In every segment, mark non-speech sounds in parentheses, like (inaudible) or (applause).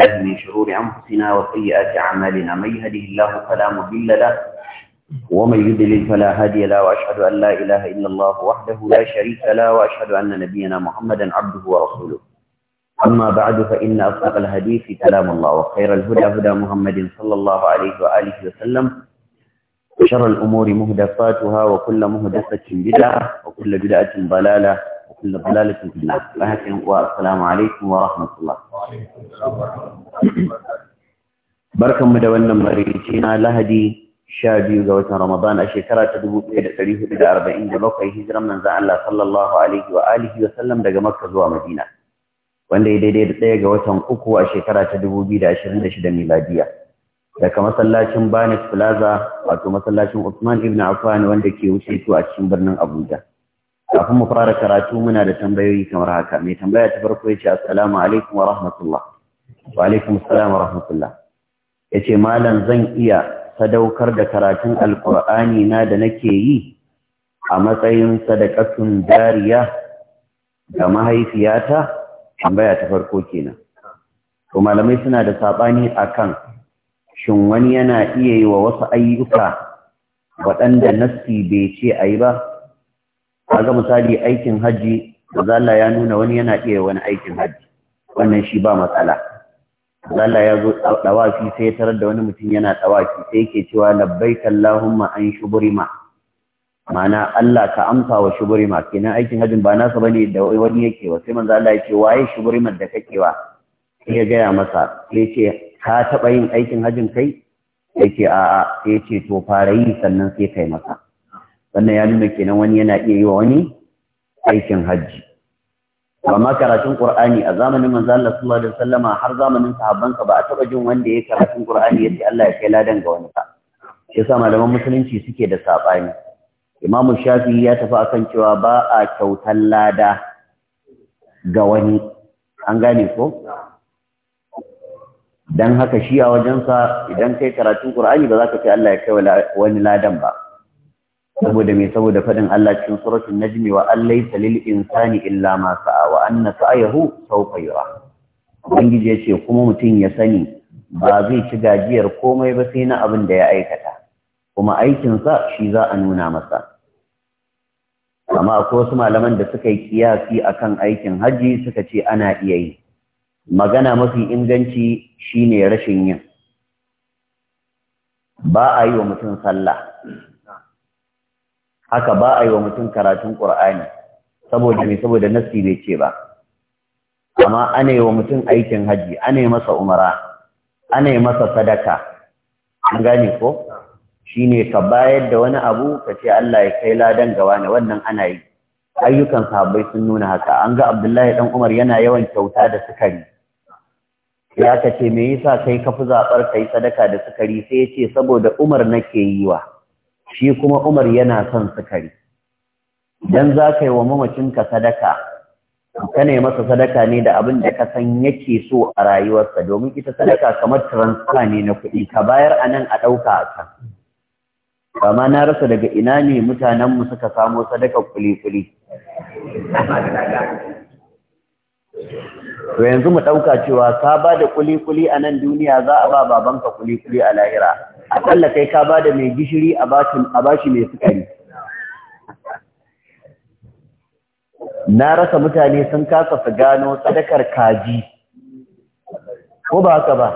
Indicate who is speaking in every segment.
Speaker 1: من شرور أنفسنا وسيئات أعمالنا من يهده الله فلا مضل له ومن يضلل فلا هادي له وأشهد أن لا إله إلا الله وحده لا شريك له وأشهد أن نبينا محمدا عبده ورسوله أما بعد فإن أصدق الحديث كلام الله وخير الهدى هدى محمد صلى الله عليه وآله وسلم وشر الأمور مهدفاتها وكل مهدفة بدعة وكل بدعة ضلالة وكل ضلالة في النار فهكذا والسلام عليكم ورحمة الله بركة مدونا مريتنا لهدي شابي وقوة رمضان الشكرة تدبو إلى تريه إلى أربعين دلوقة هجرة من زعل الله صلى الله عليه وآله وسلم دقى مكة زوا مدينة wanda ya daidai da ɗaya ga watan uku a shekara ta dubu biyu da ashirin da shida daga masallacin banis plaza wato masallacin usman ibn affan wanda ke wuce su a cikin birnin abuja kafin mu fara karatu muna da tambayoyi kamar haka mai tambaya ta farko ya ce assalamu alaikum wa rahmatullah wa alaikum assalam wa rahmatullah Ya ce, malam zan iya sadaukar da karatun Alkur'ani na da nake yi a matsayin sadakatun dariya ga mahaifiyata tambaya ta farko kenan to malamai suna da sabani akan shin wani yana iya yi wa wasu ayyuka waɗanda nassi bai ce a yi ba ga misali aikin haji da Allah ya nuna wani yana iya wani aikin haji wannan shi ba matsala zala ya zo dawafi sai ya tarar da wani mutum yana dawafi sai yake cewa labbaik allahumma an shubrima ma'ana Allah ka amsa wa shubrima kenan aikin hajin ba nasa bane da wani yake wa sai manzo ya ce waye shubrima da kake wa sai ya gaya masa sai ce ka taba yin aikin hajin kai yake a'a sai ce to fara yi sannan sai kai masa wannan ya nuna kenan wani yana iya yi wa wani aikin hajji amma karatun qur'ani a zamanin manzo Allah sallallahu alaihi wasallama har zamanin sahabbansa ba a taba jin wanda ya karatun qur'ani yace Allah ya kai ladan ga wani ka yasa malaman musulunci suke da sabani Imam Shafi'i ya tafi akan cewa ba a kyautar lada ga wani an gane ko dan haka shi a wajensa idan kai karatun qur'ani ba za ka ce Allah ya kai wani ladan ba saboda mai saboda faɗin Allah cikin suratul najmi wa allaysa lil insani illa ma sa'a wa anna sa'ayahu sawfa yura ubangiji yace kuma mutum ya sani ba zai ci gajiyar komai ba sai na abin da ya aikata kuma aikin sa shi za a nuna masa amma akwai wasu malaman da suka yi kiyasi akan aikin haji suka ce ana iya yi magana mafi inganci shine rashin yin ba a yi wa mutum sallah haka ba a yi wa mutum karatun ƙur'ani saboda me saboda nasi bai ce ba amma ana yi wa mutum aikin haji ana yi masa umara ana yi masa sadaka an gane ko shine ka bayar da wani abu ka ce Allah ya kai ladan gawa ne wannan ana yi ayyukan sahabbai sun nuna haka an ga Abdullahi dan Umar yana yawan kyauta da sukari ya ka ce me yasa kai ka fi zabar kai sadaka da sukari sai ya ce saboda Umar nake yi wa shi kuma Umar yana son sukari dan za ka yi wa mamacinka sadaka ka ne masa sadaka ne da abin da ka san yake so a rayuwarsa domin ita sadaka kamar transfer ne na kuɗi ka bayar a nan a ɗauka a can amma na rasa daga ina ne mutanenmu suka samo sadaka kuli-kuli to yanzu mu ɗauka cewa ka ba da kuli-kuli a nan duniya za a ba babanka kuli-kuli a lahira akalla kai ka ba da mai gishiri a bashi mai sukari na rasa mutane sun kasa su gano sadakar kaji ko ba haka ba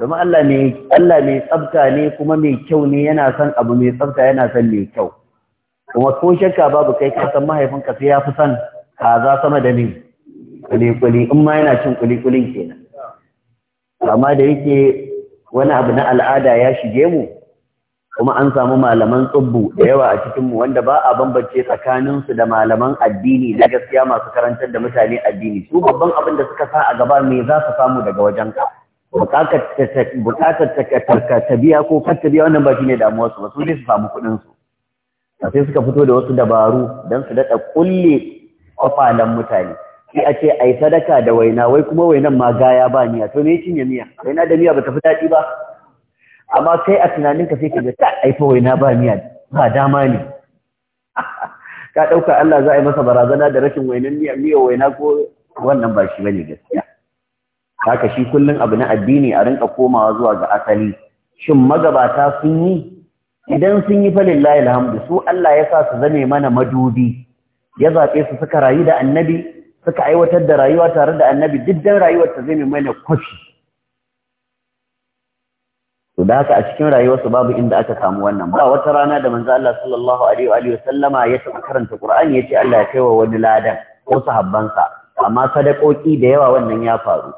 Speaker 1: domin Allah mai Allah tsafta ne kuma mai kyau ne yana son abu mai tsafta yana son mai kyau kuma ko shakka babu kai ka san mahaifinka sai ya fi son kaza sama da ni kuli-kuli! in ma yana cin kuli-kulin kenan amma da yake wani abu na al'ada ya shige mu kuma an samu malaman tsubbu da yawa a cikinmu wanda ba a bambance tsakaninsu da malaman addini na gaskiya masu karantar da mutane addini su babban abin da suka sa a gaba me za su samu daga wajenka bukatar ta biya ko kar ta biya wannan ba ne damuwar su ba su ne su samu kuɗin su sai suka fito da wasu dabaru don su daɗa kulle kwafalan mutane sai a ce ai sadaka da waina wai kuma wainan ma gaya ba niya to me cinye miya waina da miya bata fi daɗi ba amma kai a tunanin sai ka ga ta aifa waina ba miya ba dama ne (laughs) ka ɗauka Allah za a yi masa barazana da rashin wainan miya miya waina ko wannan ba shi bane gaskiya haka shi kullun abu na addini a rinka komawa zuwa ga asali shin magabata sun yi idan sun yi falin lahi alhamdu su Allah ya sa su zame mana madubi ya zaɓe su suka rayu da annabi suka aiwatar da rayuwa tare da annabi duk dan rayuwar ta zai mana kwafi to da haka a cikin rayuwarsu babu inda aka samu wannan ba wata rana da manzo Allah sallallahu alaihi wa sallama ya taba karanta Qur'ani yace Allah ya kaiwa wani ladan ko sahabbansa amma sadakoki da yawa wannan ya faru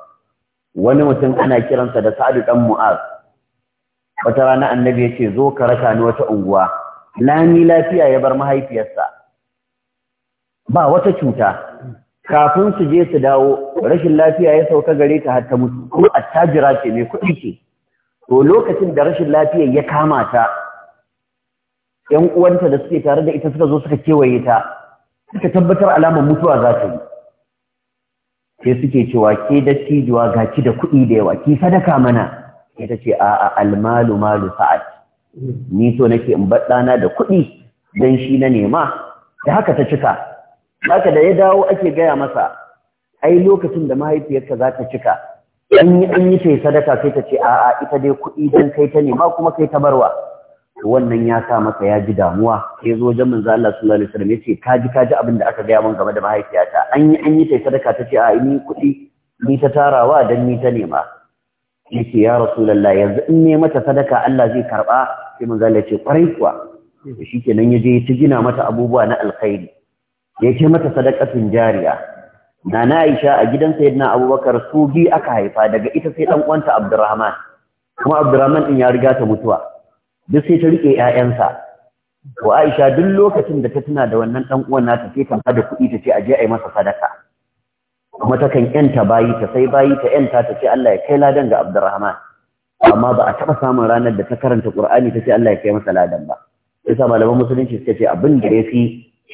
Speaker 1: wani mutum ana kiransa da Sa'ad dan Mu'az wata rana annabi yace zo ka raka ni wata unguwa lami lafiya ya bar mahaifiyarsa ba wata cuta kafin su je su dawo rashin lafiya ya sauka gare ta har ta mutu kuma attajira ce mai kuɗi ce to lokacin da rashin lafiya ya kama ta ƴan uwanta da suke tare da ita suka zo suka kewaye ta suka tabbatar alamar mutuwa za ta yi sai suke cewa ke da ga ki da kuɗi da yawa ki sadaka mana ta ce a'a almalu malu sa'ad ni so nake in ɗana da kuɗi dan shi na nema da haka ta cika Haka da ya dawo ake gaya masa, ai lokacin da mahaifiyarka za ta cika, in yi an yi ce sadaka sai ta ce a'a ita dai kuɗi don kai ta nema kuma kai ta barwa. Wannan ya sa masa ya ji damuwa, ya zo wajen manzo Allah sallallahu alaihi wasallam ya ce ka ji ka ji abin da aka gaya min game da mahaifiyata. An yi an yi ce sadaka ta ce a'a ni kuɗi ni ta tarawa don ni ta nema. ce ya rasulallah yanzu in ne mata sadaka Allah zai karɓa? sai manzo Allah ya ce kwarai kuwa shi kenan ya je ya ci gina mata abubuwa na alkhairi ya mata sadakatun jariya nana Aisha a gidan sayyidina Abubakar su bi aka haifa daga ita sai dan uwanta Abdurrahman kuma Abdurrahman din ya riga ta mutuwa duk sai ta rike ƴaƴansa to Aisha duk lokacin da ta tuna da wannan dan uwan nata sai ta bada kuɗi ta ce a aje ai masa sadaka kuma ta kan ƴanta bayi ta sai bayi ta 'yanta ta ce Allah ya kai ladan ga Abdurrahman amma ba a taɓa samun ranar da ta karanta Qur'ani ta ce Allah ya kai masa ladan ba sai malaman musulunci suka ce abin da ya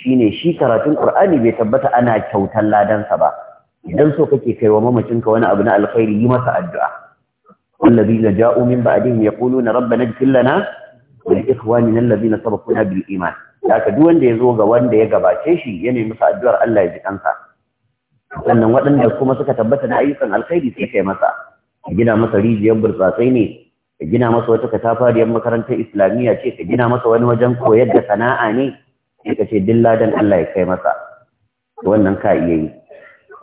Speaker 1: shine shi karatun Qur'ani bai tabbata ana kyautar ladansa ba idan so kake kai wa mamacinka wani abu na alkhairi yi masa addu'a والذين جاءوا من بعدهم lana ربنا اغفر لنا ولإخواننا الذين سبقونا بالإيمان haka duk wanda ya zo ga wanda ya gabace shi ya nemi masa addu'ar Allah ya ji kansa sannan waɗanda kuma suka tabbata na ayyukan alkhairi sai kai masa ka gina masa rijiyar burtsatsai ne ka gina masa wata katafariyar makarantar islamiyya ce ka gina masa wani wajen koyar da sana'a ne sai ka ce dilla dan Allah ya kai masa wannan ka iya yi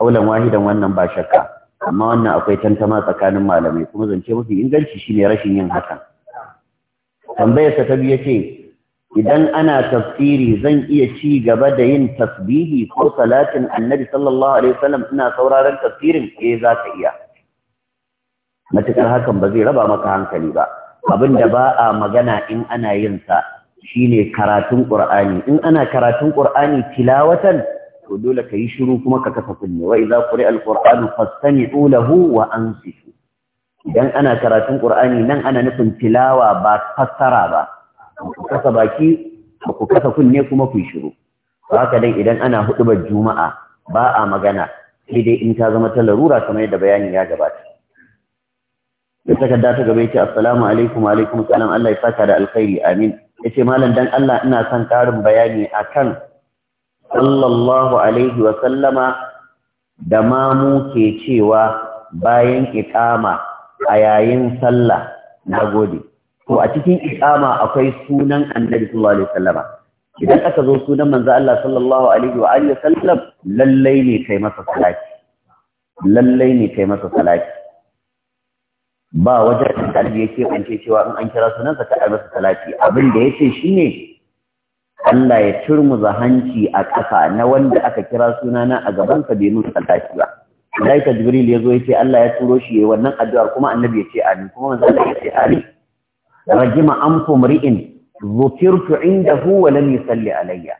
Speaker 1: kaulan wahidan wannan ba shakka amma wannan akwai tantama tsakanin malamai kuma zance mafi inganci shine rashin yin hakan tambayarsa ta biye ce idan ana tafsiri zan iya ci gaba da yin tasbihi ko salatin annabi sallallahu alaihi wasallam ina sauraron tafsirin eh za ka iya matukar hakan ba zai raba maka hankali ba Abin da ba a magana in ana yin sa shine karatun ƙur'ani. in ana karatun ƙur'ani tilawatan to dole ka yi shiru kuma ka kasa kunne wa idza quri'a alqur'anu fastami'u lahu wa ansitu idan ana karatun ƙur'ani nan ana nufin tilawa ba fassara ba ku kasa baki ku kasa kunne kuma ku shiru haka dai idan ana hudubar juma'a ba a magana sai dai in ta zama ta larura kamar yadda bayani ya gabata da takarda ta gaba yace assalamu alaikum wa alaikum salam Allah ya saka da alkhairi amin yace malam dan Allah ina son karin bayani akan sallallahu alaihi wa sallama da mamu ke cewa bayan iqama a yayin sallah nagode Ko a cikin iqama akwai sunan annabi sallallahu alaihi wa sallama idan aka zo sunan manzo Allah sallallahu alaihi wa alihi sallam lallai ne kai masa salati lallai ne kai masa salati ba wajen da annabi ya cewa in an kira sunansa ka masa salati abin da ya ce shi ne Allah ya turmuza hanci a ƙasa na wanda aka kira sunana a sa bai nuna salati ba malaika jibril ya zo ya ce Allah ya turo shi yayin wannan addu'ar kuma annabi ya ce amin kuma manzo Allah ya ce amin rajima anfu mri'in zukirtu indahu wa lam yusalli alayya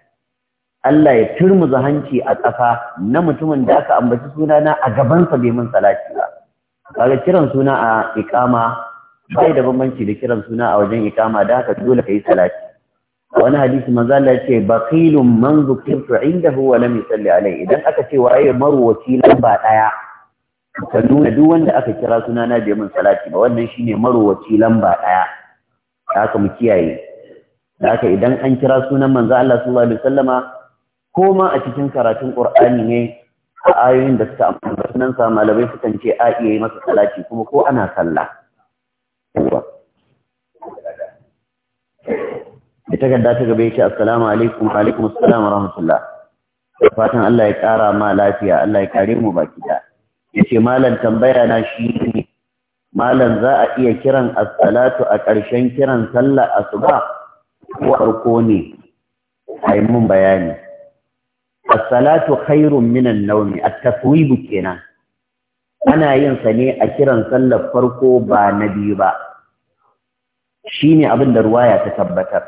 Speaker 1: Allah ya turmuza hanci a ƙasa na mutumin da aka ambaci sunana a gabansa bai mun salati ba kaga kiran suna a iqama bai da bambanci da kiran suna a wajen ikama da haka dole kai salati a wani hadisi manzo Allah yace baqilun man zukirtu indahu wa lam yusalli alayhi idan aka ce waye marwaci lamba daya ka nuna duk wanda aka kira suna na bai mun salati ba wannan shine marwaci lamba daya haka mu kiyaye haka idan an kira sunan manzo Allah sallallahu alaihi wasallama ko ma a cikin karatun Qur'ani ne a ayoyin da suka amfani sunan sa malamai sukan ce a iya yi masa salati kuma ko ana sallah kowa da takarda ta gaba yake assalamu alaikum alaikum assalamu rahmatullah fatan Allah ya kara ma lafiya Allah ya kare mu baki da yace malam tambaya na shi ne. malam za a iya kiran as-salatu a ƙarshen kiran sallah asuba ko arko ne ai mun bayani as-salatu khairun minan nawmi at-taswib kenan ana yin sa ne a kiran sallar farko ba na biyu ba Shi ne abin da ruwa ya ta tabbatar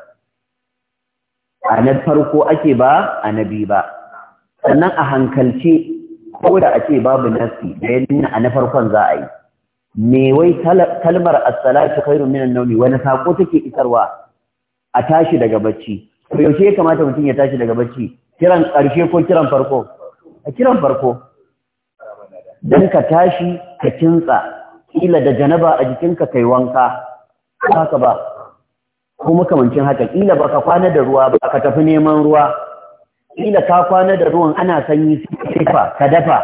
Speaker 1: a na farko ake ba a na biyu ba sannan a hankalce ko da ake babu nasi da ya nuna a na farkon za a yi me wai kalmar as-salatu khairun minan nawmi wani sako take isarwa a tashi daga bacci ko yaushe ya kamata mutum ya tashi daga bacci kiran ƙarshe ko kiran farko a kiran farko dan ka tashi ka kintsa kila da janaba a jikinka kai wanka haka ba ko makamancin haka kila baka kwana da ruwa ba ka tafi neman ruwa kila ka kwana da ruwan ana sanyi sifa ka dafa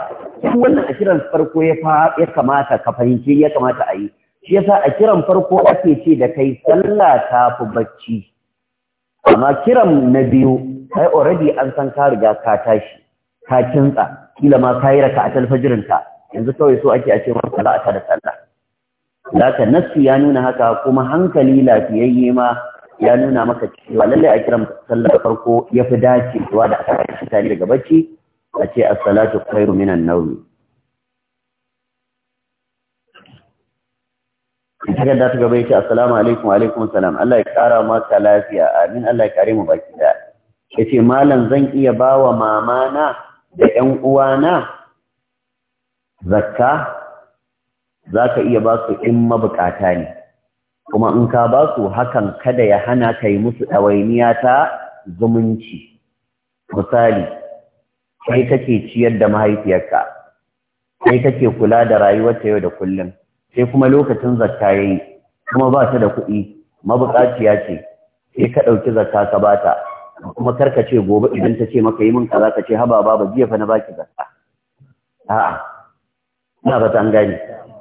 Speaker 1: duk wannan a kiran farko ya ya kamata ka fahimci ya kamata a yi shi yasa a kiran farko ake ce da kai sallah ta fi bacci amma kiran na biyu kai already an san ka riga ka tashi ka kinsa kila ma ka yi raka a talfajirinka yanzu kawai so ake a ce masu za da sallah zaka nassu ya nuna haka kuma hankali lafiyayye ma ya nuna maka cewa lallai a kiran sallar farko ya fi dacewa da aka shi tare daga bacci a ce as-salatu khairu minan nawm Kaga da ta gaba yace assalamu alaikum wa alaikum assalam Allah ya kara maka lafiya amin Allah ya kare mu baki da yace malam zan iya bawa mama na da ‘yan uwana zakka za ka iya ba su in mabukata ne, kuma in ka ba su hakan kada ya hana ka yi musu ɗawainiya ta zumunci. Misali, kai kake ciyar da mahaifiyarka, kai kake kula da rayuwarta yau da kullum, sai kuma lokacin zakka yayi kuma ba ta da kuɗi, mabukaciya ce, sai ka ɗauki zakka ka bata. kuma karka ce gobe idan ta ce maka yi min kaza ka ce haba ba jiya fa na baki zakka a'a ina ba an gane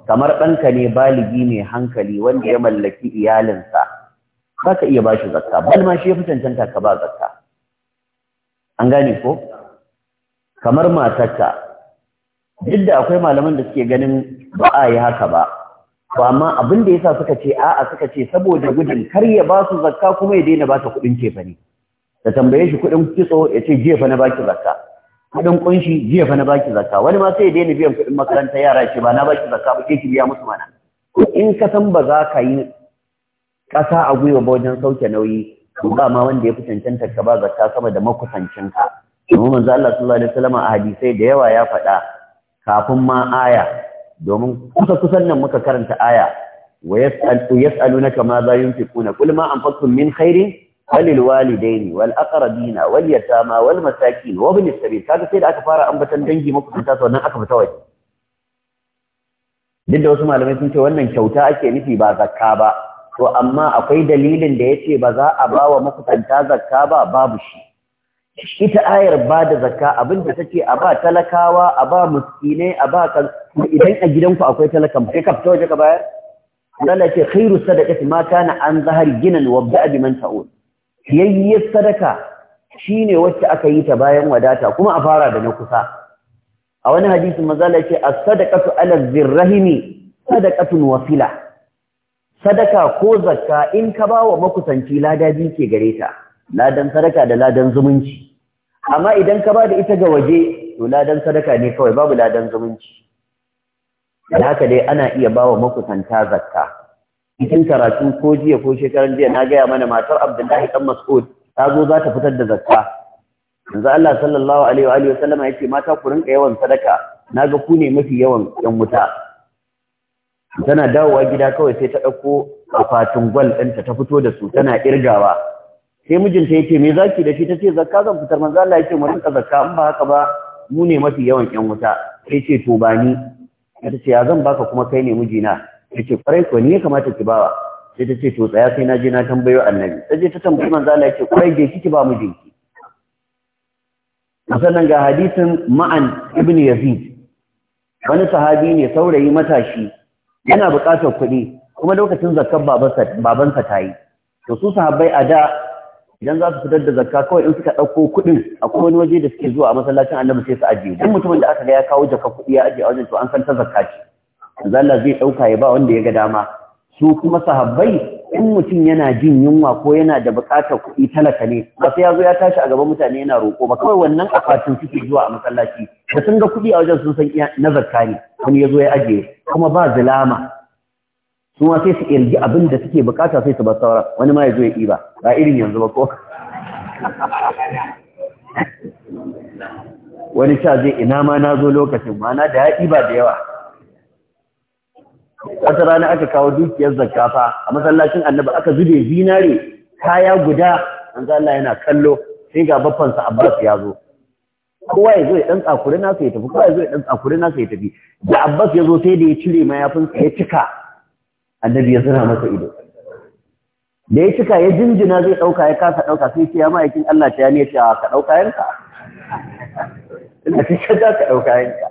Speaker 1: kamar ɗanka ne baligi ne hankali wanda ya mallaki iyalinsa ba ka iya bashi zakka bal ma shi ya fi cancanta ka ba zakka an gane ko kamar matarka duk da akwai malaman da suke ganin ba a yi haka ba to amma abin da yasa suka ce a'a suka ce saboda gudun kar ya ba su zakka kuma ya daina ba ta kuɗin cefane. Ka tambaye shi kuɗin kitso ya ce jiya fa na baki zakka kuɗin kunshi jiya fa na baki zakka wani ma sai ya daina biyan kuɗin makaranta yara ce ba na baki zakka ba ke ki biya musu mana in ka san ba za ka yi ƙasa a gwiwa ba wajen sauke nauyi ba ma wanda ya fi cancanta ka ba zakka sama da makusancinka kuma manzo Allah sallallahu alaihi wasallam a hadisai da yawa ya faɗa kafin ma aya domin kusa kusan nan muka karanta aya wa yas'alunaka ma za yunfiquna kul ma anfaqtum min khairin وللوالدين wal واليتامى والمساكين وابن السبيل kaga sai da aka fara ambatan dangi makusanta su wannan aka fita waje duk da wasu malamai sun ce wannan kyauta ake nufi ba zakka ba to amma akwai dalilin da yace ba za a wa makusanta zakka ba babu shi ita ayar ba da zakka abin abinda take a ba talakawa a ba muskine, a ba kan idan a gidanku akwai talakan sai ka fita waje ka bayar Allah ce khairu sadaqati ma kana an zahar ginan wabda'a biman ta'ud fiyayyar sadaka shine wacce aka yi ta bayan wadata kuma a fara da na kusa a wani hadisi, mazala ce a sadaqatu ala zirrahimi sadakatun wasila sadaka ko zakka in ka ba wa makusanci lada biyu ke gare ta ladan sadaka da ladan zumunci amma idan ka ba da ita ga waje to ladan sadaka ne kawai babu ladan zumunci da haka dai ana iya ba wa makusanta zakka cikin karatu ko jiya ko shekaran jiya na gaya mana matar Abdullahi dan Mas'ud ta zo za ta fitar da zakka yanzu Allah sallallahu alaihi wa alihi wasallama yace mata ku rinka yawan sadaka naga ku ne mafi yawan yan wuta tana dawowa gida kawai sai ta dauko akwatin gwal ɗinta ta fito da su tana irgawa sai mijinta ya ce me zaki da shi tace zakka zan fitar manzo Allah ya mu rinka zakka in ba haka ba mu ne mafi yawan yan wuta sai ce to ba ni ta ce ya zan baka kuma kai ne mijina Yake kwarai ko ne kamata ki bawa sai ta ce to tsaya sai na je na tambayo annabi sai ta tambayi manzo Allah yace kwarai je kike ba mu jinki sannan ga hadisin ma'an ibn yazid wani sahabi ne saurayi matashi yana buƙatar kuɗi kuma lokacin zakkar babansa ta yi to su sahabbai a da idan za su fitar da zakka kawai in suka ɗauko kuɗin akwai wani waje da suke zuwa a masallacin annabi sai su ajiye duk mutumin da aka ga ya kawo jaka kuɗi ya ajiye a wajen to an san ta zakka ce Allah zai dauka ya ba wanda ya ga dama su kuma sahabbai in mutum yana jin yunwa ko yana da bukatar kuɗi talaka ne ba sai ya ya tashi a gaban mutane yana roƙo ba kawai wannan akwatin suke zuwa a masallaci da sun ga kuɗi a wajen sun san na zakka ne wani ya ya ajiye kuma ba zulama su ma sai su irgi abin da suke buƙata sai su ba sauran wani ma ya zo ya ɗiba ba irin yanzu ba ko (laughs) wani sha zai ina ma na zo lokacin ma na da ya ɗiba da yawa wata rana aka kawo dukiyar zakafa. a masallacin annabi aka zube zinare kaya guda manzo Allah yana kallo sai ga baffansa Abbas ya zo kowa ya zo ya ɗan tsakuri na sai ya tafi kowa ya zo ya ɗan tsakuri na sai ya tafi da Abbas ya zo sai da ya cire mayafin sa ya cika annabi ya zira masa ido da ya cika ya jinjina zai ɗauka ya kasa ɗauka sai ce ya ma'aikin Allah ta ya (laughs) ce ta ka ɗauka yanka ina ta ka ɗauka yanka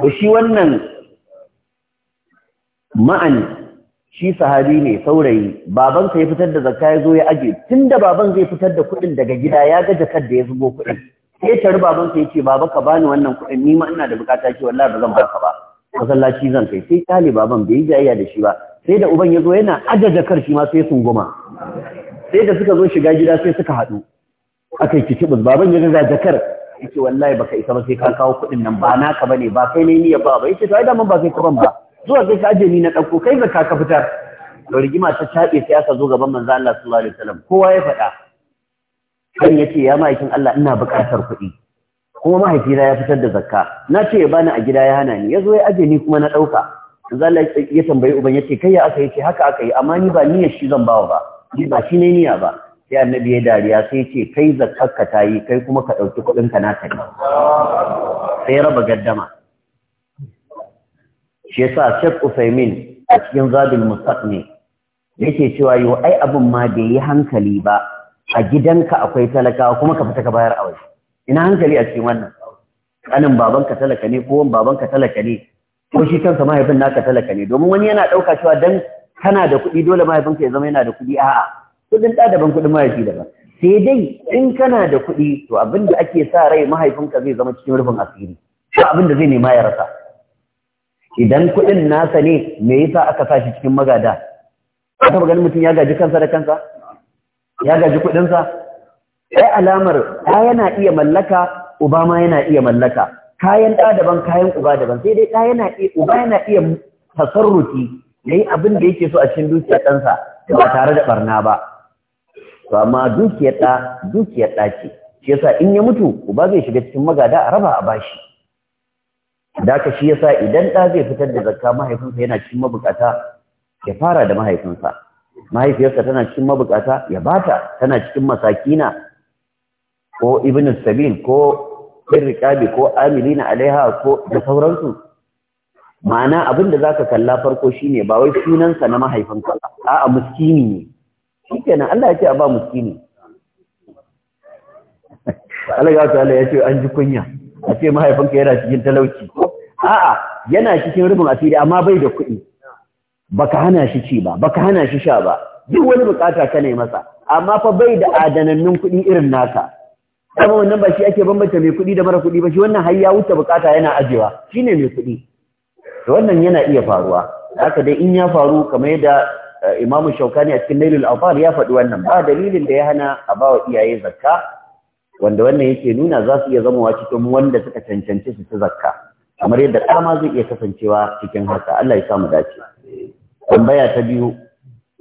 Speaker 1: to shi wannan ma'an shi sahabi ne saurayi baban ya fitar da zakka ya zo ya aje tunda baban zai fitar da kuɗin daga gida ya ga jakar da ya zubo kuɗin sai tare baban ya yace baba ka bani wannan kuɗin ni ma ina da bukata shi wallahi ba zan baka ba masallaci zan kai sai kale baban bai yi jayayya da shi ba sai da uban ya zo yana aje jakar shi ma sai sun goma sai da suka zo shiga gida sai suka haɗu aka yi kicibus baban ya ga jakar yace wallahi baka isa ba sai ka kawo kuɗin nan ba naka bane ba kai ne ni ya ba ba yace to ai da mun ba sai ka ban ba zuwa sai ka aje ni na ɗauko kai zaka ka fitar to rigima ta caɓe sai aka zo gaban manzo Allah sallallahu alaihi wasallam kowa ya faɗa kan yace ya ma'aikin Allah ina buƙatar kuɗi kuma mahaifina ya fitar da zakka na ce ya bani a gida ya hana ni ya zo ya ajiye ni kuma na ɗauka manzo Allah ya tambayi uban yace kai ya aka yace haka aka yi amma ni ba niyyar shi zan bawa ba ni ba shi ne niyya ba sai annabi ya dariya sai ce kai zakkar ka tayi kai kuma ka ɗauki kuɗin ka na tafi. sai raba gaddama shi yasa Sheikh Usaimin a cikin Zadul Mustaqni yake cewa yo ai abun ma bai yi hankali ba a gidanka akwai talaka kuma ka fita ka bayar a waje ina hankali a cikin wannan kanin babanka talaka ne ko babanka talaka ne ko shi kansa mahaifin naka talaka ne domin wani yana dauka cewa dan kana da kuɗi dole mahaifinka ya zama yana da kuɗi a'a kuɗin ɗa daban kuɗin mahaifi daban sai dai in kana da kuɗi to abin da ake sa rai mahaifinka zai zama cikin rufin asiri ko abin da zai nema ya rasa idan kuɗin nasa ne me yasa aka sa shi cikin magada ka taɓa ganin mutum ya gaji kansa da kansa ya gaji kuɗinsa ai alamar ɗa yana iya mallaka uba ma yana iya mallaka kayan ɗa daban kayan uba daban sai dai ɗa yana iya uba yana iya tasarrufi yayi abin da yake so a cikin dukiyar ɗansa ba tare da barna ba to amma dukiyar ɗa dukiyar ɗa ce shi yasa in ya mutu uba zai shiga cikin magada a raba a bashi da ka shi yasa idan ɗa zai fitar da zakka mahaifinsa yana cikin mabukata ya fara da mahaifinsa mahaifiyarsa tana cikin mabukata ya bata tana cikin masakina ko ibn sabil ko irqabi ko amilina alaiha ko da sauransu ma'ana abin da zaka kalla farko shine ba wai sunansa na mahaifinka a'a miskini ne shikenan Allah ya ce a ba miskini (laughs) Allah ya ce ya ce an ji kunya a ce mahaifinka yana cikin talauci a'a yana cikin rubin asiri amma bai da kuɗi baka hana shi ci ba baka hana shi sha ba duk wani bukata ka ne masa amma fa bai da adanannun kuɗi irin naka amma wannan ba shi ake bambanta mai kuɗi da mara kuɗi ba shi wannan har ya wuce bukata yana ajewa ne mai kuɗi to wannan yana iya faruwa haka dai in ya faru kamar yadda Shauka eh, shaukani a cikin nailul afar ya faɗi wannan ba dalilin da ya hana a bawa iyaye zakka wanda wannan yake nuna za su iya zamowa cikin wanda suka cancanci su ta zakka kamar yadda kama zai iya kasancewa cikin haka Allah ya samu dace tambaya ta biyu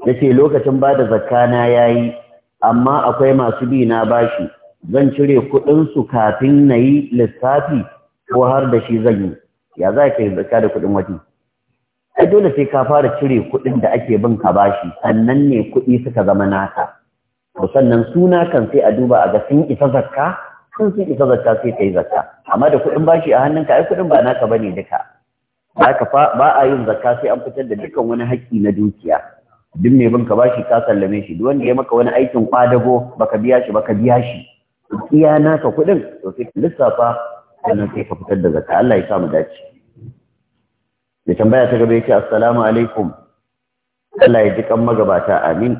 Speaker 1: yace lokacin ba da zakka na yayi amma akwai masu bi na bashi zan cire kuɗin su kafin nayi lissafi ko har da shi zan yi ya za ka yi zakka da kuɗin wani a dole sai ka fara cire kuɗin da ake bin ka bashi sannan ne kuɗi suka zama naka to sannan suna kan sai a duba a ga sun isa zakka sun sun isa zakka sai ka yi zakka amma da kuɗin bashi a hannunka ai kuɗin ba naka bane duka fa ba a yin zakka sai an fitar da dukkan wani haƙƙi na dukiya duk mai binka ka bashi ka sallame shi duk wanda ya maka wani aikin kwadago baka biya shi baka biya shi iya naka kuɗin to sai ka lissafa sannan sai ka fitar da zakka Allah ya sa mu dace da tambaya ta gaba yace assalamu alaikum Allah ya ji kan magabata amin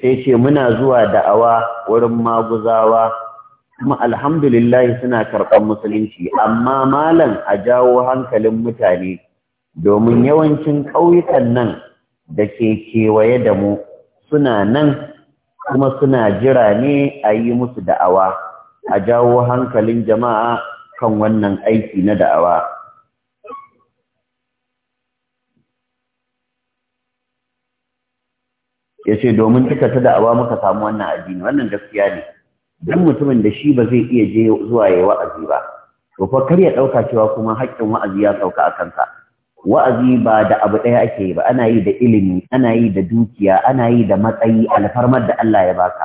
Speaker 1: sai ce muna zuwa da'awa wurin maguzawa kuma alhamdulillahi suna karɓar musulunci amma malam a jawo hankalin mutane domin yawancin ƙauyukan nan da ke kewaye da mu suna nan kuma suna jira ne a yi musu da'awa a jawo hankalin jama'a kan wannan aiki na da'awa ya ce domin duka ta da'awa muka samu wannan addini wannan gaskiya ne dan mutumin da shi ba zai iya je zuwa ya wa'azi ba to fa kar ya dauka cewa kuma haƙƙin wa'azi ya sauka a sa. wa'azi ba da abu ɗaya ake yi ba ana yi da ilimi ana yi da dukiya ana yi da matsayi alfarmar da Allah ya baka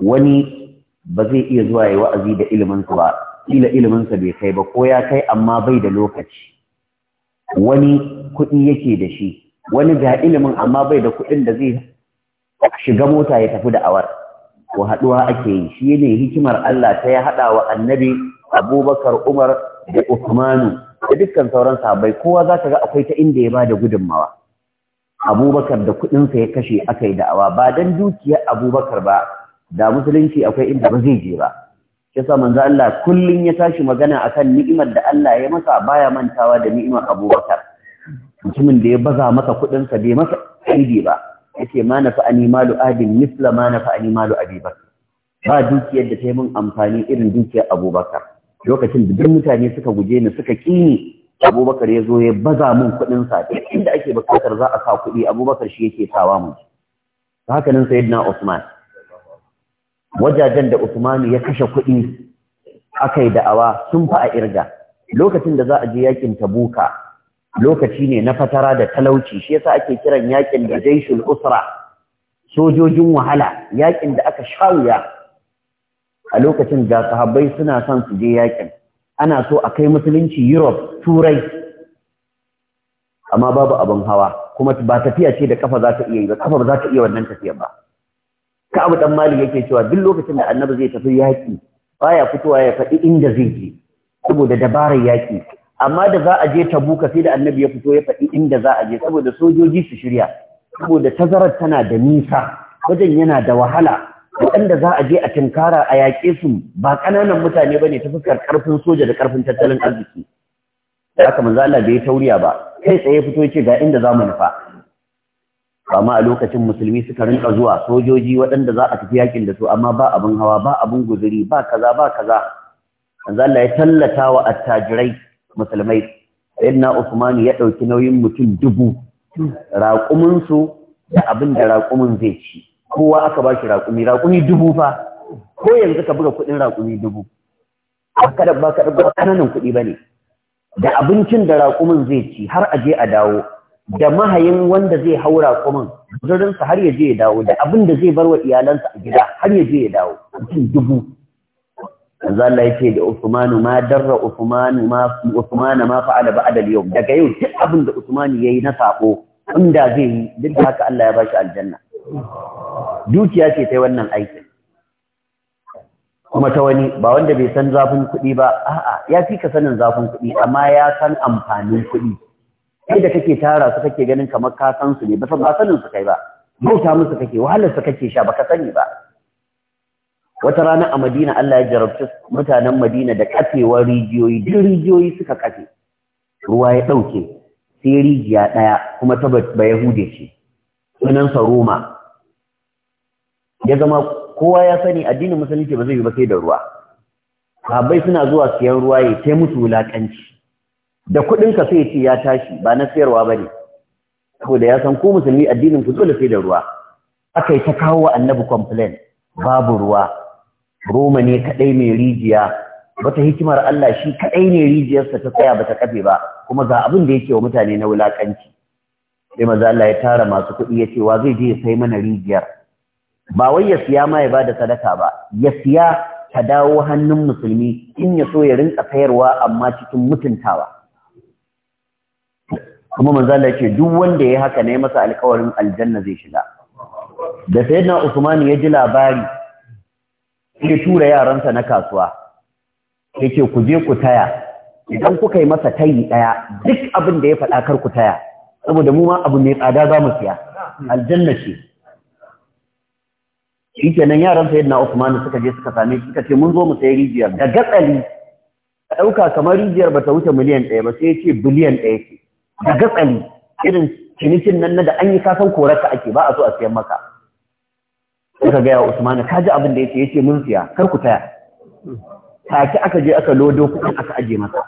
Speaker 1: wani ba zai iya zuwa ya wa'azi da sa ba kila sa bai kai ba ko ya kai amma bai da lokaci wani kuɗi yake da shi wani ga ilimin amma bai da kuɗin da zai shiga mota ya tafi da awar ko haɗuwa ake yi shi ne hikimar Allah ta ya haɗa wa annabi abubakar umar da usmanu da dukkan sauran sahabbai kowa za ka ga akwai ta inda ya ba da gudunmawa abubakar da kuɗinsa ya kashe aka yi da'awa ba dan dukiyar abubakar ba da musulunci akwai inda ba zai je ba ya sa manzo Allah kullun ya tashi magana akan ni'imar da Allah ya masa baya mantawa da ni'imar abubakar mutumin da ya baza masa kuɗinsa bai masa aidi ba yake ma nafa'ani malu adin misla ma nafa'ani malu abi bakr ba dukiyar da ta yi mun amfani irin dukiyar abubakar lokacin da duk mutane suka guje ni suka ni abubakar ya zo ya baza mun kuɗin sa inda ake bukatar za a sa kuɗi abubakar shi yake sawa mu haka nan na usman wajajen da usman ya kashe kuɗi akai da'awa sun fa a irga lokacin da za a je yakin tabuka lokaci ne na fatara da talauci shi yasa ake kiran yakin da jaishul usra sojojin wahala yakin da aka sha a lokacin da sahabbai suna son su je yakin ana so a kai musulunci Europe turai amma babu abin hawa kuma ba tafiya ce da kafa za ta iya yi ba kafa ba za ta iya wannan tafiya ba Ka'abu dan mali yake cewa duk lokacin da Annabi zai tafi yaki baya fitowa ya faɗi inda zai je saboda dabarar yaki amma da za a je tabuka sai da annabi ya fito ya faɗi inda za a je saboda sojoji su shirya saboda tazarar tana da nisa wajen yana da wahala waɗanda za a je a tinkara a yaƙe su ba ƙananan mutane ba ne ta fuskar ƙarfin soja da ƙarfin tattalin arziki da aka manzo Allah bai tauriya ba kai tsaye fito ya ce ga inda za mu nufa amma a lokacin musulmi suka rinka zuwa sojoji waɗanda za a tafi yaƙin da su amma ba abin hawa ba abin guzuri ba kaza ba kaza manzo Allah ya tallata wa attajirai musulmai sayyidina Usman ya dauki nauyin mutum dubu raƙumin su da abin da raƙumin zai ci kowa aka ba shi raƙumi raƙumi dubu fa ko yanzu ka buga kuɗin raƙumi dubu ba ka ba kananan kuɗi bane da abincin da raƙumin zai ci har a je a dawo da mahayin wanda zai hau kumin gudurinsa har ya je ya dawo da abin da zai bar wa iyalansa a gida har ya je ya dawo mutum dubu manzo Allah yake da Usmanu ma darra Usman ma Usman ma fa'ala ba'da al-yawm daga yau duk abin da Usman yayi na sako inda zai yi duk da haka Allah ya shi aljanna dukiya ce ta wannan aikin kuma ta wani ba wanda bai san zafin kuɗi ba a'a ya fi ka sanin zafin kuɗi amma ya san amfanin kuɗi Sai da kake tara su kake ganin kamar ka san su ne ba ba sanin su kai ba bauta musu kake wahalar su kake sha baka sani ba wata rana a madina Allah ya jarabta mutanen madina da kafewar rijiyoyi duk rijiyoyi suka kafe ruwa ya dauke, sai rijiya ɗaya kuma ta ba yahude ce sunansa roma ya zama kowa ya sani addinin musulunci ba zai yi ba sai da ruwa sahabbai suna zuwa siyan ruwa ya sai musu wulaƙanci da ka sai ce ya tashi ba na siyarwa ba ne da ya san ko musulmi addinin ku dole sai da ruwa aka yi ta kawo wa annabi complain babu ruwa Roma ne kaɗai mai rijiya, wata hikimar Allah shi kaɗai ne rijiyarsa ta tsaya ba ta kafe ba, kuma ga abin da yake wa mutane na wulaƙanci. Sai maza Allah ya tara masu kuɗi ya ce wa zai je ya sai mana rijiyar. Ba wai ya siya ma ya ba da sadaka ba, ya siya ta dawo hannun musulmi in ya so ya rinka sayarwa amma cikin mutuntawa. Kuma manzo Allah ce duk wanda ya yi haka ne masa alƙawarin aljanna zai shiga. Da sayyidina Usman ya ji labari ya tura yaransa na kasuwa yake ku je ku taya idan kuka yi masa tayi daya duk abin da ya faɗa kar ku taya saboda mu ma abu mai tsada za mu siya aljanna ce shi kenan yaran yadda Usman suka je suka same shi suka ce mun zo mu sayi rijiyar da gatsali ka kamar rijiyar ba ta wuce miliyan ɗaya ba sai ya ce biliyan ɗaya ce da gatsali irin cinikin nan da an yi kasan ka ake ba a so a siyan maka suka gaya wa Usman ka ji abin da yake yace mun siya kar ku taya take aka je aka lodo kuɗin aka aje masa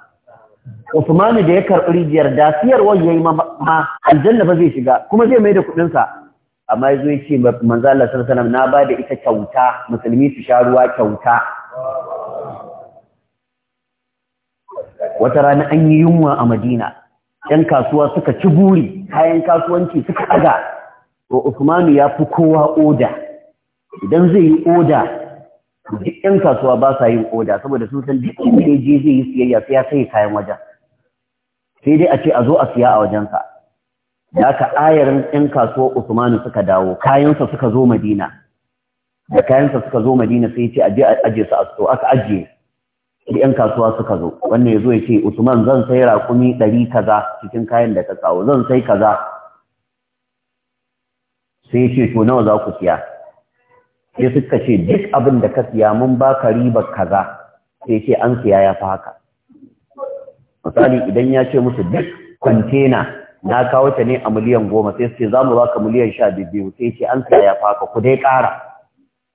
Speaker 1: usmanu da ya karɓi rijiyar da siyarwar yayi ma aljanna ba zai shiga kuma zai mai da kuɗin sa amma yazo yace manzo Allah sallallahu na ba da ita kyauta musulmi su sha ruwa kyauta wata rana an yi yunwa a Madina ‘yan kasuwa suka ci buri kayan kasuwanci suka aga. wa Usmanu ya fi kowa oda idan zai yi oda duk kasuwa ba sa yin oda saboda sun san duk inda je zai yi siyayya sai ya sai kayan wajen sai dai a ce a zo a siya a wajensa da aka ayarin yan kasuwa Usmanu suka dawo kayansa suka zo Madina da kayansa suka zo Madina sai ce aje aje su a sto aka aje da yan kasuwa suka zo wannan ya zo ya ce Usman zan sai rakumi ɗari kaza cikin kayan da ka kawo zan sai kaza sai ya ce to nawa za ku siya sai suka ce duk abin da ka siya mun baka ribar kaza sai ce an siya ya fi haka misali idan ya ce musu duk kwantena na kawo ta ne a miliyan goma sai suke za mu baka miliyan sha biyu sai ce an siya ya fi haka ku dai ƙara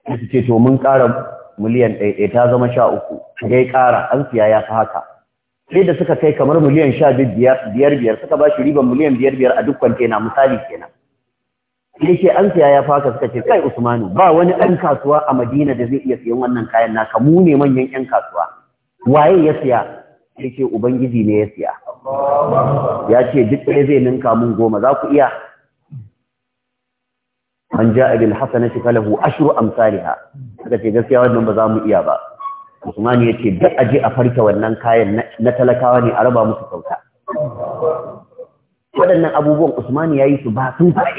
Speaker 1: sai su ce to mun ƙara miliyan ɗaya ta zama sha uku ku dai ƙara an siya ya fi haka sai da suka kai kamar miliyan sha biyar biyar suka ba shi ribar miliyan biyar biyar a duk kwantena misali kenan ya ke an siya ya faka suka ce kai usmanu ba wani ɗan kasuwa a madina da zai iya siyan wannan kayan naka mu ne manyan ƴan kasuwa waye ya siya ya ce ubangiji ne ya siya ya ce duk ɗaya zai ninka mun goma za ku iya an ja abil hasanati ashiru ashru amsalha suka ce gaskiya wannan ba za mu iya ba usmanu ya ce duk aje a farke wannan kayan na talakawa ne a raba musu kyauta waɗannan abubuwan usmanu ya yi su ba sun fara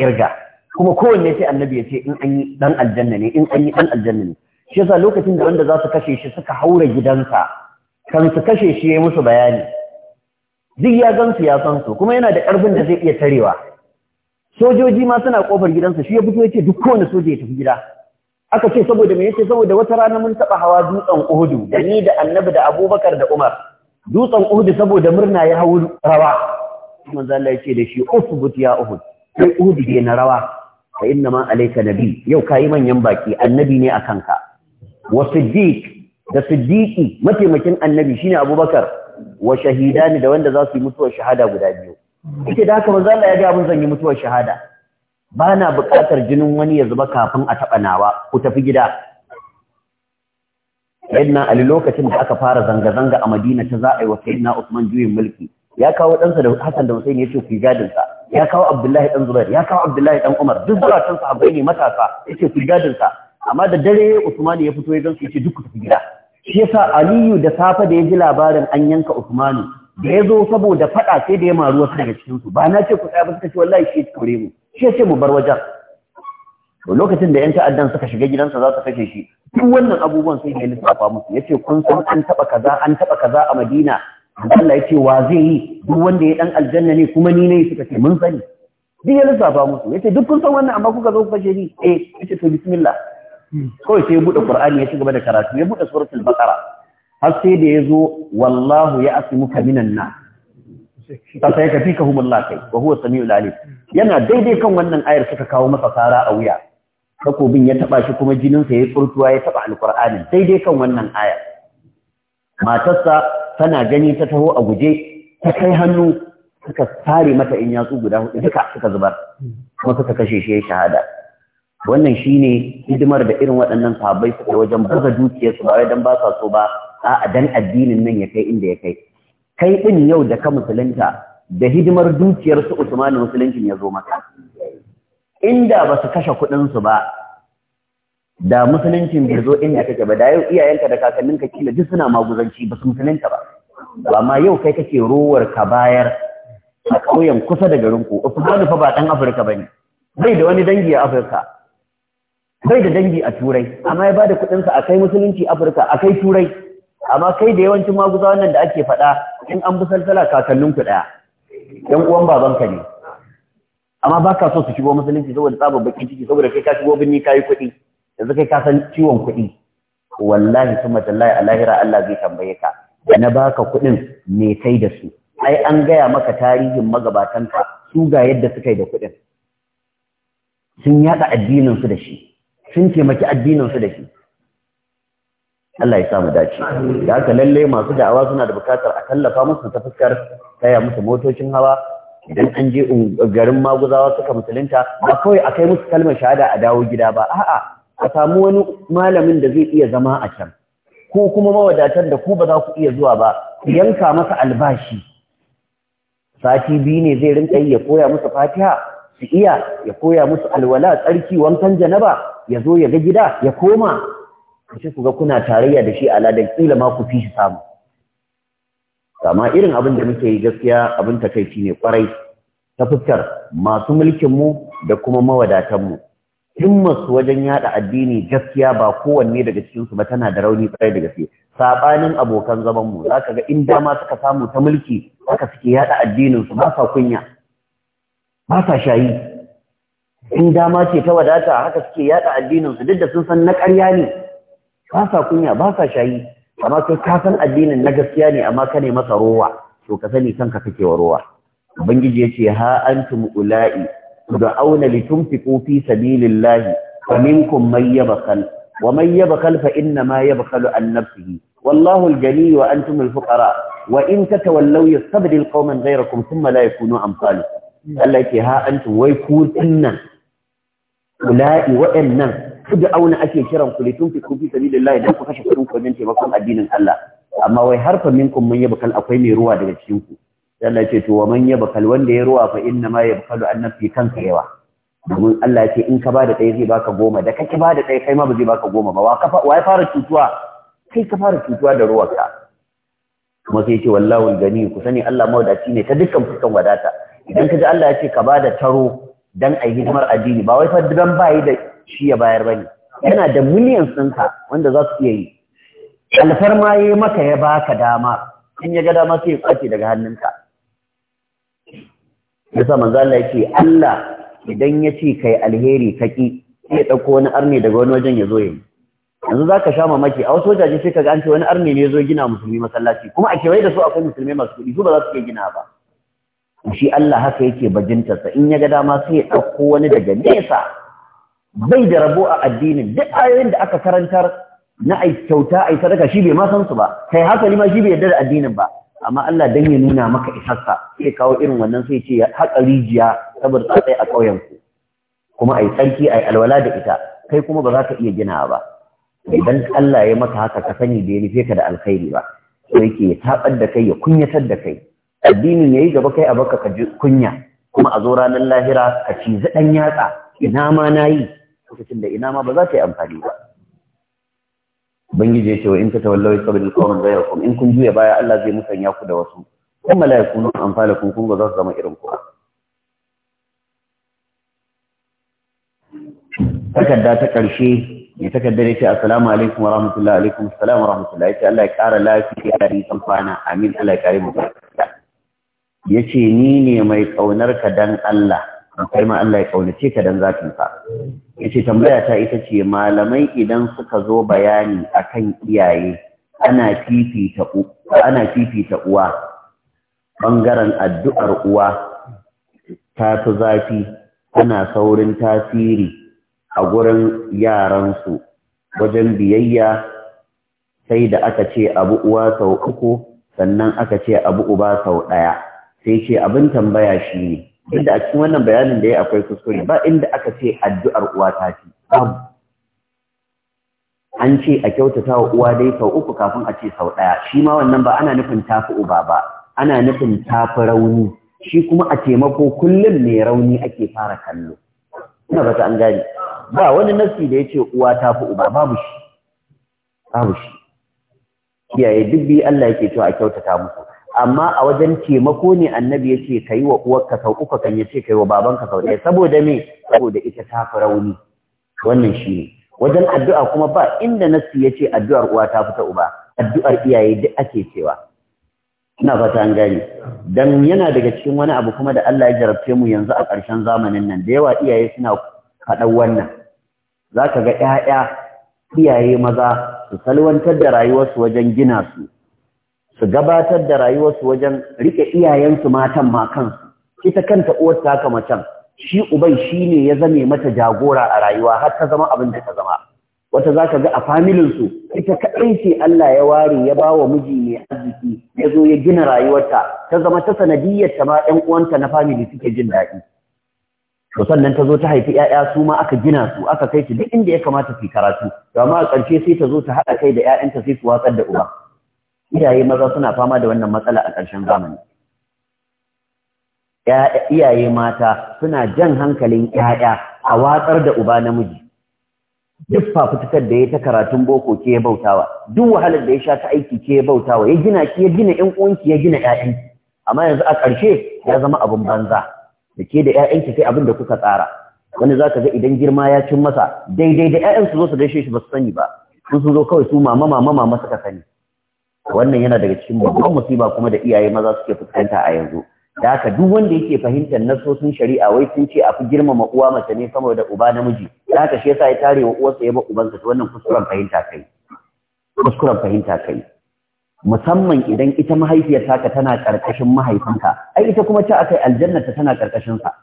Speaker 1: kuma kowanne sai annabi ya ce in an yi dan aljanna ne in an yi dan aljanna ne shi yasa lokacin da wanda za su kashe shi suka haura gidansa kan su kashe shi ya yi musu bayani duk ya gan su ya san su kuma yana da karfin da zai iya tarewa sojoji ma suna kofar gidansa shi ya fito yace duk kowane soja ya tafi gida aka ce saboda me yace saboda wata rana mun taba hawa dutsen Uhdu, da ni da Annabi da Abubakar da Umar dutsen Uhudu saboda murna ya hawo rawa manzo Allah yace da shi usbut ya Uhud sai Uhud ne na rawa fa inna ma alayka nabi yau kai manyan baki annabi ne akan ka wa siddiq da siddiqi mataimakin annabi shine abubakar wa shahidani da wanda za su yi mutuwar shahada guda biyu ita da haka manzo Allah ya ga abin zan yi mutuwar shahada ba na buƙatar jinin wani ya zuba kafin a taɓa nawa ku tafi gida sayyidina ali lokacin da aka fara zanga-zanga a madina ta za yi wa sayyidina usman juyin mulki ya kawo ɗansa da hassan da hussein ya ce ku yi gadinsa ya kawo abdullahi dan zubair ya kawo abdullahi dan umar duk zuratan sahabbai ne matasa yake su gadin sa amma da dare usman ya fito ya gansu yace duk ku gida shi yasa aliyu da safa da ya ji labarin an yanka usman da ya zo saboda fada sai da ya maru wasu daga cikin su ba na ce ku tsaya ba suka ce wallahi shi kore mu shi ya ce mu bar wajen to lokacin da yan ta'addan suka shiga gidansa za su kashe shi duk wannan abubuwan sai ya lissafa musu yace kun san an taba kaza an taba kaza a Madina Allah ya ce wa zai yi duk wanda ya dan aljanna ne kuma ni ne suka ce mun sani duk ya lissafa musu yace duk kun san wannan amma kuka zo ku fashe ni eh yace to bismillah kawai sai ya bude qur'ani ya ci gaba da karatu ya bude suratul baqara har sai da yazo wallahu ya asimuka minan na ta sai ka fika Allah kai wa huwa samiul alim yana daidai kan wannan ayar suka kawo masa sara a wuya takobin ya taba shi kuma jinin jininsa ya furtuwa ya taba alqur'ani daidai kan wannan ayar matarsa tana gani ta taho a guje ta kai hannu suka sare mata in yatsu guda hudu duka suka zubar kuma suka kashe shi ya shahada wannan shine hidimar da irin waɗannan sahabbai suka wajen buga dukiyarsu ba wai dan ba sa so ba a'a dan addinin nan ya kai inda ya kai kai din yau da ka musulunta da hidimar dukiyar su Usman musuluncin ya zo maka inda ba su kashe kuɗin su ba da musuluncin bai zo inda kake ba da yau iyayenka da kakanninka kila duk suna maguzanci ba su musulunta ba amma yau kai kake rowar ka bayar a ƙauyen kusa da garin ku Usmanu fa ba ɗan Afirka bane bai da wani dangi a Afirka bai da dangi a Turai amma ya bada kuɗinsa a kai musulunci Afirka a kai Turai amma kai da yawancin maguza wannan da ake faɗa in an bi salsala ku ɗaya ɗan uwan babanka ne amma baka so su shigo musulunci saboda tsabar bakin ciki saboda kai ka shigo binni kayi kuɗi yanzu kai ka san ciwon kuɗi wallahi kuma tallahi a lahira Allah zai tambaye ka na baka kuɗin me kai da su ai an gaya maka tarihin magabatanka su ga yadda suka yi da kuɗin sun yaɗa addinin su da shi sun taimaki addinin su da shi Allah ya samu dace da haka lalle masu da'awa suna da bukatar a tallafa musu ta fuskar taya musu motocin hawa idan an je garin maguzawa suka musulunta ba kawai a kai musu kalmar shahada a dawo gida ba a'a a samu wani malamin da zai iya zama a can ko kuma mawadatar da ku ba za ku iya zuwa ba ku yanka masa albashi sati biyu ne zai rinka yi ya koya musu fatiha su iya ya koya musu alwala tsarki wankan janaba ya zo ya ga gida ya koma kace ku ga kuna tarayya da shi ala da kila ma ku fi shi samu amma irin abin da muke yi gaskiya abin takaici ne kwarai ta fuskar masu mulkin mu da kuma mawadatan mu himmarsu wajen yada addini gaskiya ba kowanne daga cikinsu ba tana da rauni tsaye da gaske sabanin abokan zaman mu zaka ga in dama suka samu ta mulki haka suke yada addinin su ba sa kunya ba sa shayi in dama ce ta wadata haka suke yada addinin su duk da sun san na ƙarya ne ba sa kunya ba sa shayi amma kai ka san addinin na gaskiya ne amma ka ne masa rowa to ka sani kanka kake wa rowa ubangiji yace ha antum ula'i تدعون لتنفقوا في سبيل الله فمنكم من يبخل ومن يبخل فإنما يبخل عن نفسه والله الجلي وأنتم الفقراء وإن تتولوا يستبدل قوما غيركم ثم لا يكونوا أمثالكم التي ها أنتم ويكون إن أولئك وإن تدعون أكي شرمكم لتنفقوا في سبيل الله دعوا فكشفوا منكم الدين الله amma wai harfa minkum mun yaba kal akwai mai ruwa daga cikin ku Allah ce to wa ya Bakal wanda ya ruwa fa inna ma yabkalu an nafsi kanka yawa domin Allah ce in ka ba da ɗaya zai baka goma da kake ba da ɗaya kai ma ba zai baka goma ba wa ka wa ya fara cutuwa kai ka fara cutuwa da ka kuma sai ce wallahi gani ku sani Allah mawadaci ne ta dukkan fuskan wadata idan ka ji Allah ya ce ka ba da taro dan ai hidimar addini ba wai fa dan bayi da shi ya bayar bane yana da miliyan sunka wanda za su iya yi alfarma yayi maka ya baka dama in ya ga dama sai ya kwace daga hannunka yasa manzo Allah yake Allah idan ya ce kai alheri kaki sai ya dauko wani arne daga wani wajen ya zo yi yanzu zaka sha mamaki a wasu wajaje sai kaga an ce wani arne ne ya zo gina musulmi masallaci kuma a kewaye da su akwai musulmai masu kuɗi su ba za su iya gina ba shi Allah haka yake sa in ya ga dama sai ya dauko wani daga nesa bai da rabo a addinin duk ayoyin da aka karantar na ai a ai sadaka shi bai ma san su ba kai haka ma shi bai yarda da addinin ba amma Allah dan ya nuna maka isarsa sai kawo irin wannan sai ce haƙa rijiya saboda tsatsai a ƙauyen ku kuma ai tsarki ai alwala da ita kai kuma ba za ka iya gina ba idan Allah ya maka haka ka sani da ya rufe ka da alkhairi ba to yake ya tabar da kai ya kunyatar da kai addinin yayi gaba kai a baka ka ji kunya kuma a zo ranar lahira ka ci ɗan yatsa ina ma nayi lokacin da ina ma ba za ta yi amfani ba ubangiji ya ce wa in ta tawallaw yasbil qawman ghayrakum in kun juya baya Allah zai musanya ku da wasu kun malaikun amfalakum kun ba za su zama irin ku takarda ta karshe ya takadda ya ce assalamu alaikum wa rahmatullahi alaikum assalamu wa rahmatullahi ya ce Allah ya kara lafiya da nisan kwana amin Allah ya kare mu ya ce ni ne mai kaunar ka dan Allah kai ma Allah ya kaunace ka dan zatin sa yace tambaya ta ita ce malamai idan suka zo bayani akan iyaye ana fifita uwa ɓangaren addu'ar uwa ta fi zafi ana saurin tasiri a gurin yaransu wajen biyayya sai da aka ce abu uwa sau uku sannan aka ce abu uba sau ɗaya sai ce abin tambaya shi ne inda a cikin wannan bayanin da ya akwai kuskure ba inda aka ce addu'ar uwa ta ce. an ce a kyautata wa uwa dai sau uku kafin a ce sau ɗaya shi ma wannan ba ana nufin tafi uba ba ana nufin tafi rauni shi kuma a taimako kullum mai rauni ake fara kallo ina ba ta an gane ba wani nasi da ya ce uwa tafi uba babu shi babu shi iyaye duk biyu Allah yake cewa a kyautata musu amma a wajen taimako ne annabi ya ce ka yi wa uwarka sau uku kan ya ce ka yi wa babanka sau ɗaya saboda me saboda ita ta fi rauni wannan shi ne wajen addu'a kuma ba inda nasi ya ce addu'ar uwa ta fita uba addu'ar iyaye duk ake cewa ina fata an gane dan yana daga cikin wani abu kuma da Allah ya jarabce mu yanzu a ƙarshen zamanin nan da yawa iyaye suna faɗan wannan zaka ga ƴaƴa iyaye maza su salwantar da rayuwarsu wajen gina su su gabatar da rayuwarsu wajen rike iyayensu matan ma ita kanta uwar ta kama can shi uban shi ne ya zame mata jagora a rayuwa har ta zama abin da ta zama wata za ka ga a familinsu ita kaɗai ce Allah ya ware ya ba wa miji mai arziki ya zo ya gina rayuwarta ta zama ta sanadiyyar ta ma ɗan uwanta na famili suke jin daɗi to sannan ta zo ta haifi ƴaƴa su ma aka gina su aka kai su duk inda ya kamata su yi karatu to amma a ƙarshe sai ta zo ta haɗa kai da ƴaƴanta sai su watsar da uba iyaye maza suna fama da wannan matsala a ƙarshen zamani iyaye mata suna jan hankalin 'ya'ya a watsar da uba namiji duk fafutukar da ya ta karatun boko ke ya bautawa duk wahalar da ya sha ta aiki ke ya bautawa ya gina ki ya gina ƴan uwanki ya gina ƴaƴanki amma yanzu a ƙarshe ya zama abin banza da ke da ƴaƴanki sai abin da kuka tsara wani zaka ga idan girma ya cin masa daidai da 'yayan su zo su gaishe shi ba su sani ba sun sun zo kawai su mama mama mama suka sani wannan yana daga cikin babban musiba kuma da iyaye maza suke fuskanta a yanzu da haka duk wanda yake fahimtar nasosin shari'a wai sun ce a fi girmama uwa mace ne sama da uba namiji da haka shi yasa ya tare wa uwarsa ya ba ubansa to wannan kuskuren fahimta kai kuskuren fahimta kai musamman idan ita mahaifiyar taka tana karkashin mahaifinka ai ita kuma ta akai aljannata tana karkashin sa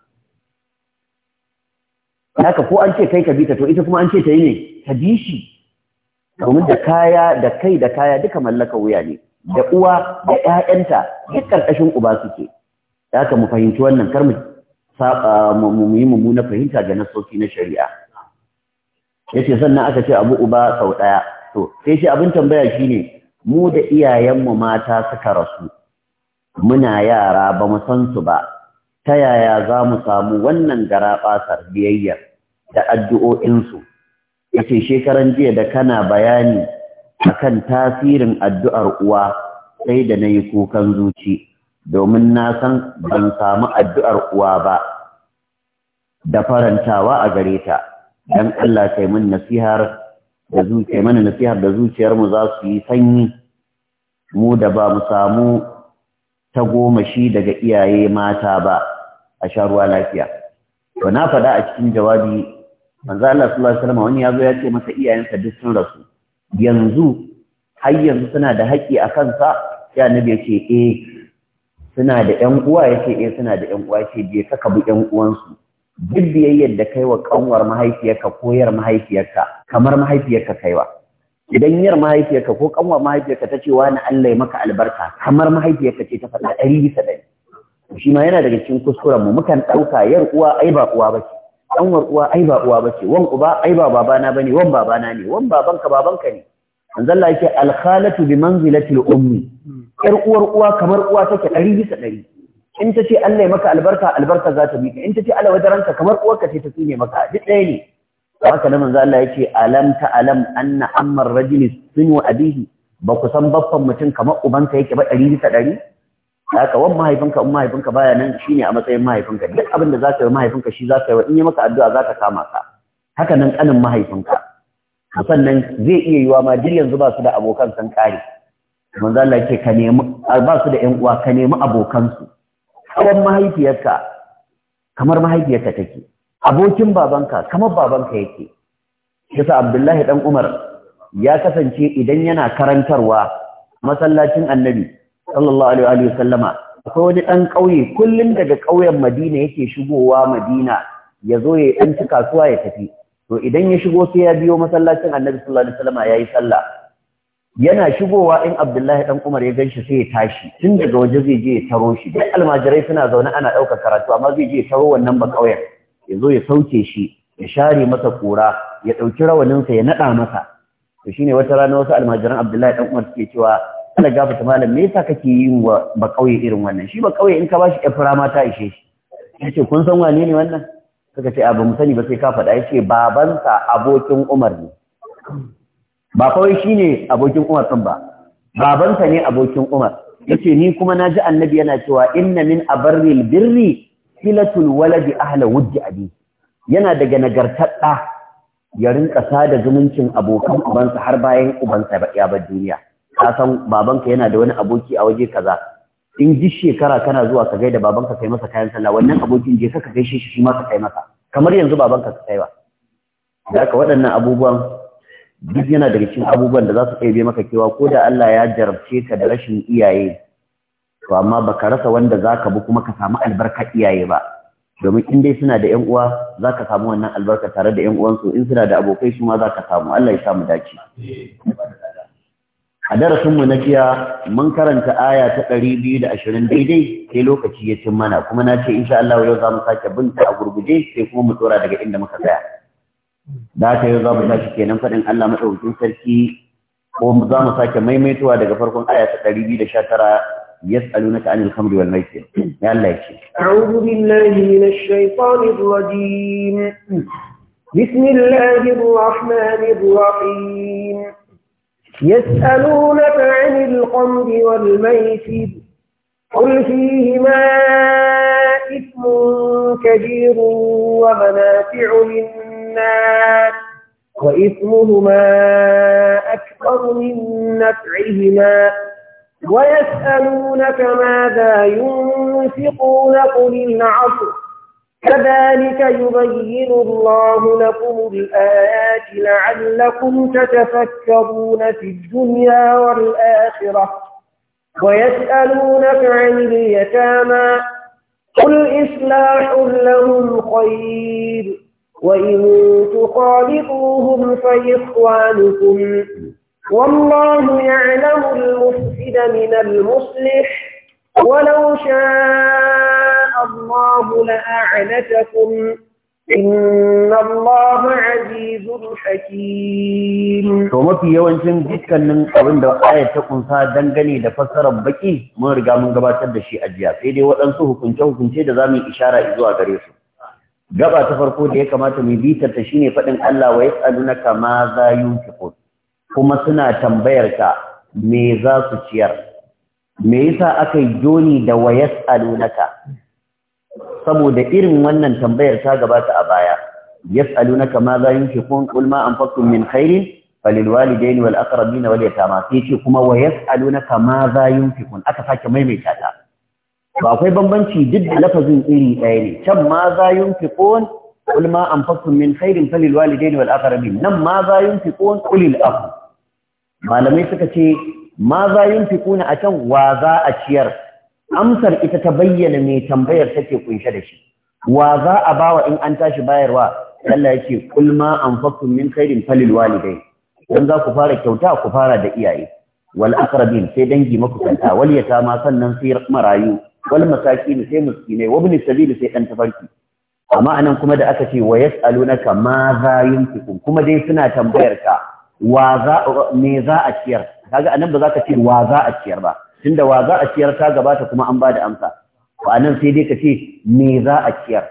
Speaker 1: haka ko an ce kai ka bi ta to ita kuma an ce ta yi ne ta bi shi domin da kaya da kai da kaya duka mallaka wuya ne da uwa da ƴaƴanta duk ƙarƙashin uba suke da ka mu fahimci wannan kar mu saba mu yi mummuna fahimta ga nasoki na shari'a yace sannan aka ce abu uba sau ɗaya to sai shi abin tambaya shine mu da iyayenmu mata suka rasu muna yara ba mu san su ba ta yaya za mu samu wannan garaɓasar biyayyar da addu'o'insu yake shekaran jiya da kana bayani akan tasirin addu'ar uwa sai da nayi kukan zuci domin na san ban samu addu'ar uwa ba da farantawa a gare ta dan Allah kai mun nasihar da zuciyar mana nasihar da zuciyar mu za su yi sanyi mu da ba mu samu ta goma shi daga iyaye mata ba a sha ruwa lafiya to na faɗa a cikin jawabi manzo Allah sallallahu alaihi wasallam wani yazo ya ce masa iyayensa duk sun rasu yanzu har yanzu suna da haƙƙi a kansa sai annabi yace ce eh suna da ƴan uwa yace eh suna da ƴan uwa ce je ka kabu ƴan uwansu duk biyayyar da kaiwa kanwar mahaifiyarka koyar mahaifiyarka kamar mahaifiyarka kaiwa idan yar mahaifiyarka ko kanwar mahaifiyarka ta ce wani Allah ya maka albarka kamar mahaifiyarka ce ta faɗa ɗari bisa ɗari shi ma yana daga cikin kuskuren mu mukan ɗauka yar uwa ai ba uwa ba ce kanwar uwa ai ba uwa bace wan uba ai ba babana bane wan babana ne wan babanka babanka ne manzo Allah yake al khalatu bi manzilati al ummi yar uwar uwa kamar uwa take 100 bisa 100 in tace Allah ya maka albarka albarka za ta bi ka in tace Allah wadaranka kamar uwarka ce ta tsine maka duk ɗaya ne haka nan manzo Allah yake alam ta alam anna amma rajuli sunu abihi ba ku san baffan mutum kamar ubanka yake ba 100 bisa 100 haka wan mahaifinka in mahaifinka baya nan shine a matsayin mahaifinka duk abin da za ka yi mahaifinka shi za ka yi wa in yi maka addu'a za ka kama ka haka nan kanin mahaifinka sannan zai iya yiwa ma duk yanzu ba su da abokan san kare manzo Allah yake ka nemi ba su da ƴan uwa ka nemi abokan su kawan mahaifiyarka kamar mahaifiyarka take abokin babanka kamar babanka yake yasa Abdullahi dan Umar ya kasance idan yana karantarwa masallacin Annabi sallallahu alaihi wa sallama akwai wani ɗan ƙauye kullum daga ƙauyen Madina yake shigowa Madina ya zo ya dan ci kasuwa ya tafi to idan ya shigo sai ya biyo masallacin Annabi sallallahu alaihi wasallam yayi sallah yana shigowa in Abdullahi dan Umar ya ganshi sai ya tashi tun daga waje zai je ya taro shi duk almajirai suna zaune ana ɗauka karatu amma zai je ya taro wannan ba ƙauyen ya zo ya sauke shi ya share masa kura ya ɗauki rawaninsa ya naɗa masa to shine wata rana wasu almajiran Abdullahi dan Umar suke cewa Allah ta malam me yasa kake yin wa ba kauye irin wannan shi ba kauye in ka bashi ya fara mata ishe shi yace kun san wane ne wannan suka ce abu mu sani ba sai ka faɗa yace babansa abokin Umar ne ba kawai shine abokin Umar din ba babansa ne abokin Umar yace ni kuma naji annabi yana cewa inna min abarril birri filatul waladi ahla wuddi abi yana daga nagartar ya rinka sada zumuncin abokan ubansa har bayan ubansa ya bar duniya ka san babanka yana da wani aboki a waje kaza in ji shekara kana zuwa ka gaida babanka kai masa kayan sallah wannan abokin je ka gaishe shi shi ma ka kai masa kamar yanzu babanka ka kaiwa da ka waɗannan abubuwan duk yana daga cikin abubuwan da za su ɗebe maka kewa ko da Allah ya jarabce ka da rashin iyaye to amma baka rasa wanda zaka bi kuma ka samu albarka iyaye ba domin in dai suna da ƴan uwa zaka samu wannan albarka tare da ƴan uwansu in suna da abokai su ma zaka samu Allah ya samu dace a darasinmu na jiya mun karanta aya ta ɗari biyu da ashirin daidai sai lokaci ya cin mana kuma na ce insha Allah yau za mu sake binta a gurguje sai kuma mu tsora daga inda muka tsaya da haka yau za mu tashi kenan faɗin Allah maɗaukakin sarki ko za mu sake maimaituwa daga farkon aya ta ɗari biyu da sha tara yas'alunaka anil khamri wal maisir ya Allah ya ce
Speaker 2: a'udhu billahi minash shaitanir rajim bismillahir rahmanir rahim يسألونك عن القمر والميسر قل فيهما إثم كبير ومنافع للناس وإثمهما أكبر من نفعهما ويسألونك ماذا ينفقون قل العصر كذلك يبين الله لكم الآيات لعلكم تتفكرون في الدنيا والآخرة ويسألونك عن اليتامى قل إصلاح لهم خير وإن تخالفوهم فإخوانكم والله يعلم المفسد من المصلح ولو شاء الله لأعنتكم إن الله عزيز حكيم
Speaker 1: to mafi yawancin dukkanin abin da aya ta kunsa dangane da fassarar baƙi, mun riga mun gabatar da shi a jiya sai dai waɗansu hukunce hukunce da zamu ishara zuwa gare su gaba ta farko da ya kamata mu bi ta shine faɗin Allah wa yas'alunaka ma za yunfiqun kuma suna tambayar ka me za su ciyar me yasa aka yi joni da wa yas'alunaka saboda irin wannan tambayar ta gabata a baya yas'alunaka ma za yunfiqun qul ma anfaqtum min khairin falilwalidaini wal aqrabin wal yatama sai ce kuma wa yas'alunaka ma za yunfiqun aka sake maimaita ta ba akwai bambanci duk da lafazin iri ɗaya ne can ma za yunfiqun qul ma anfaqtum min khairin falilwalidaini wal aqrabin nan ma za yunfiqun qul lil malamai suka ce ma za yunfiquna a can wa za a ciyar amsar ita ta bayyana mai tambayar take kunshe da shi wa za a bawa in an tashi bayarwa Allah yake kul ma anfaqtum min khairin falil walidai dan za ku fara kyauta ku fara da iyaye wal aqrabin sai dangi makusanta wal yatama sannan sai marayu wal masakin sai miskinai wa ibn sai dan tafarki amma anan kuma da aka ce wa yas'alunaka ma za yunfiqun kuma dai suna tambayar ka wa za me za a ciyar kaga anan ba za ka ce wa za a ciyar ba tunda wa za a ciyar ta gabata kuma an ba da amsa ba nan sai dai ka ce me za a ciyar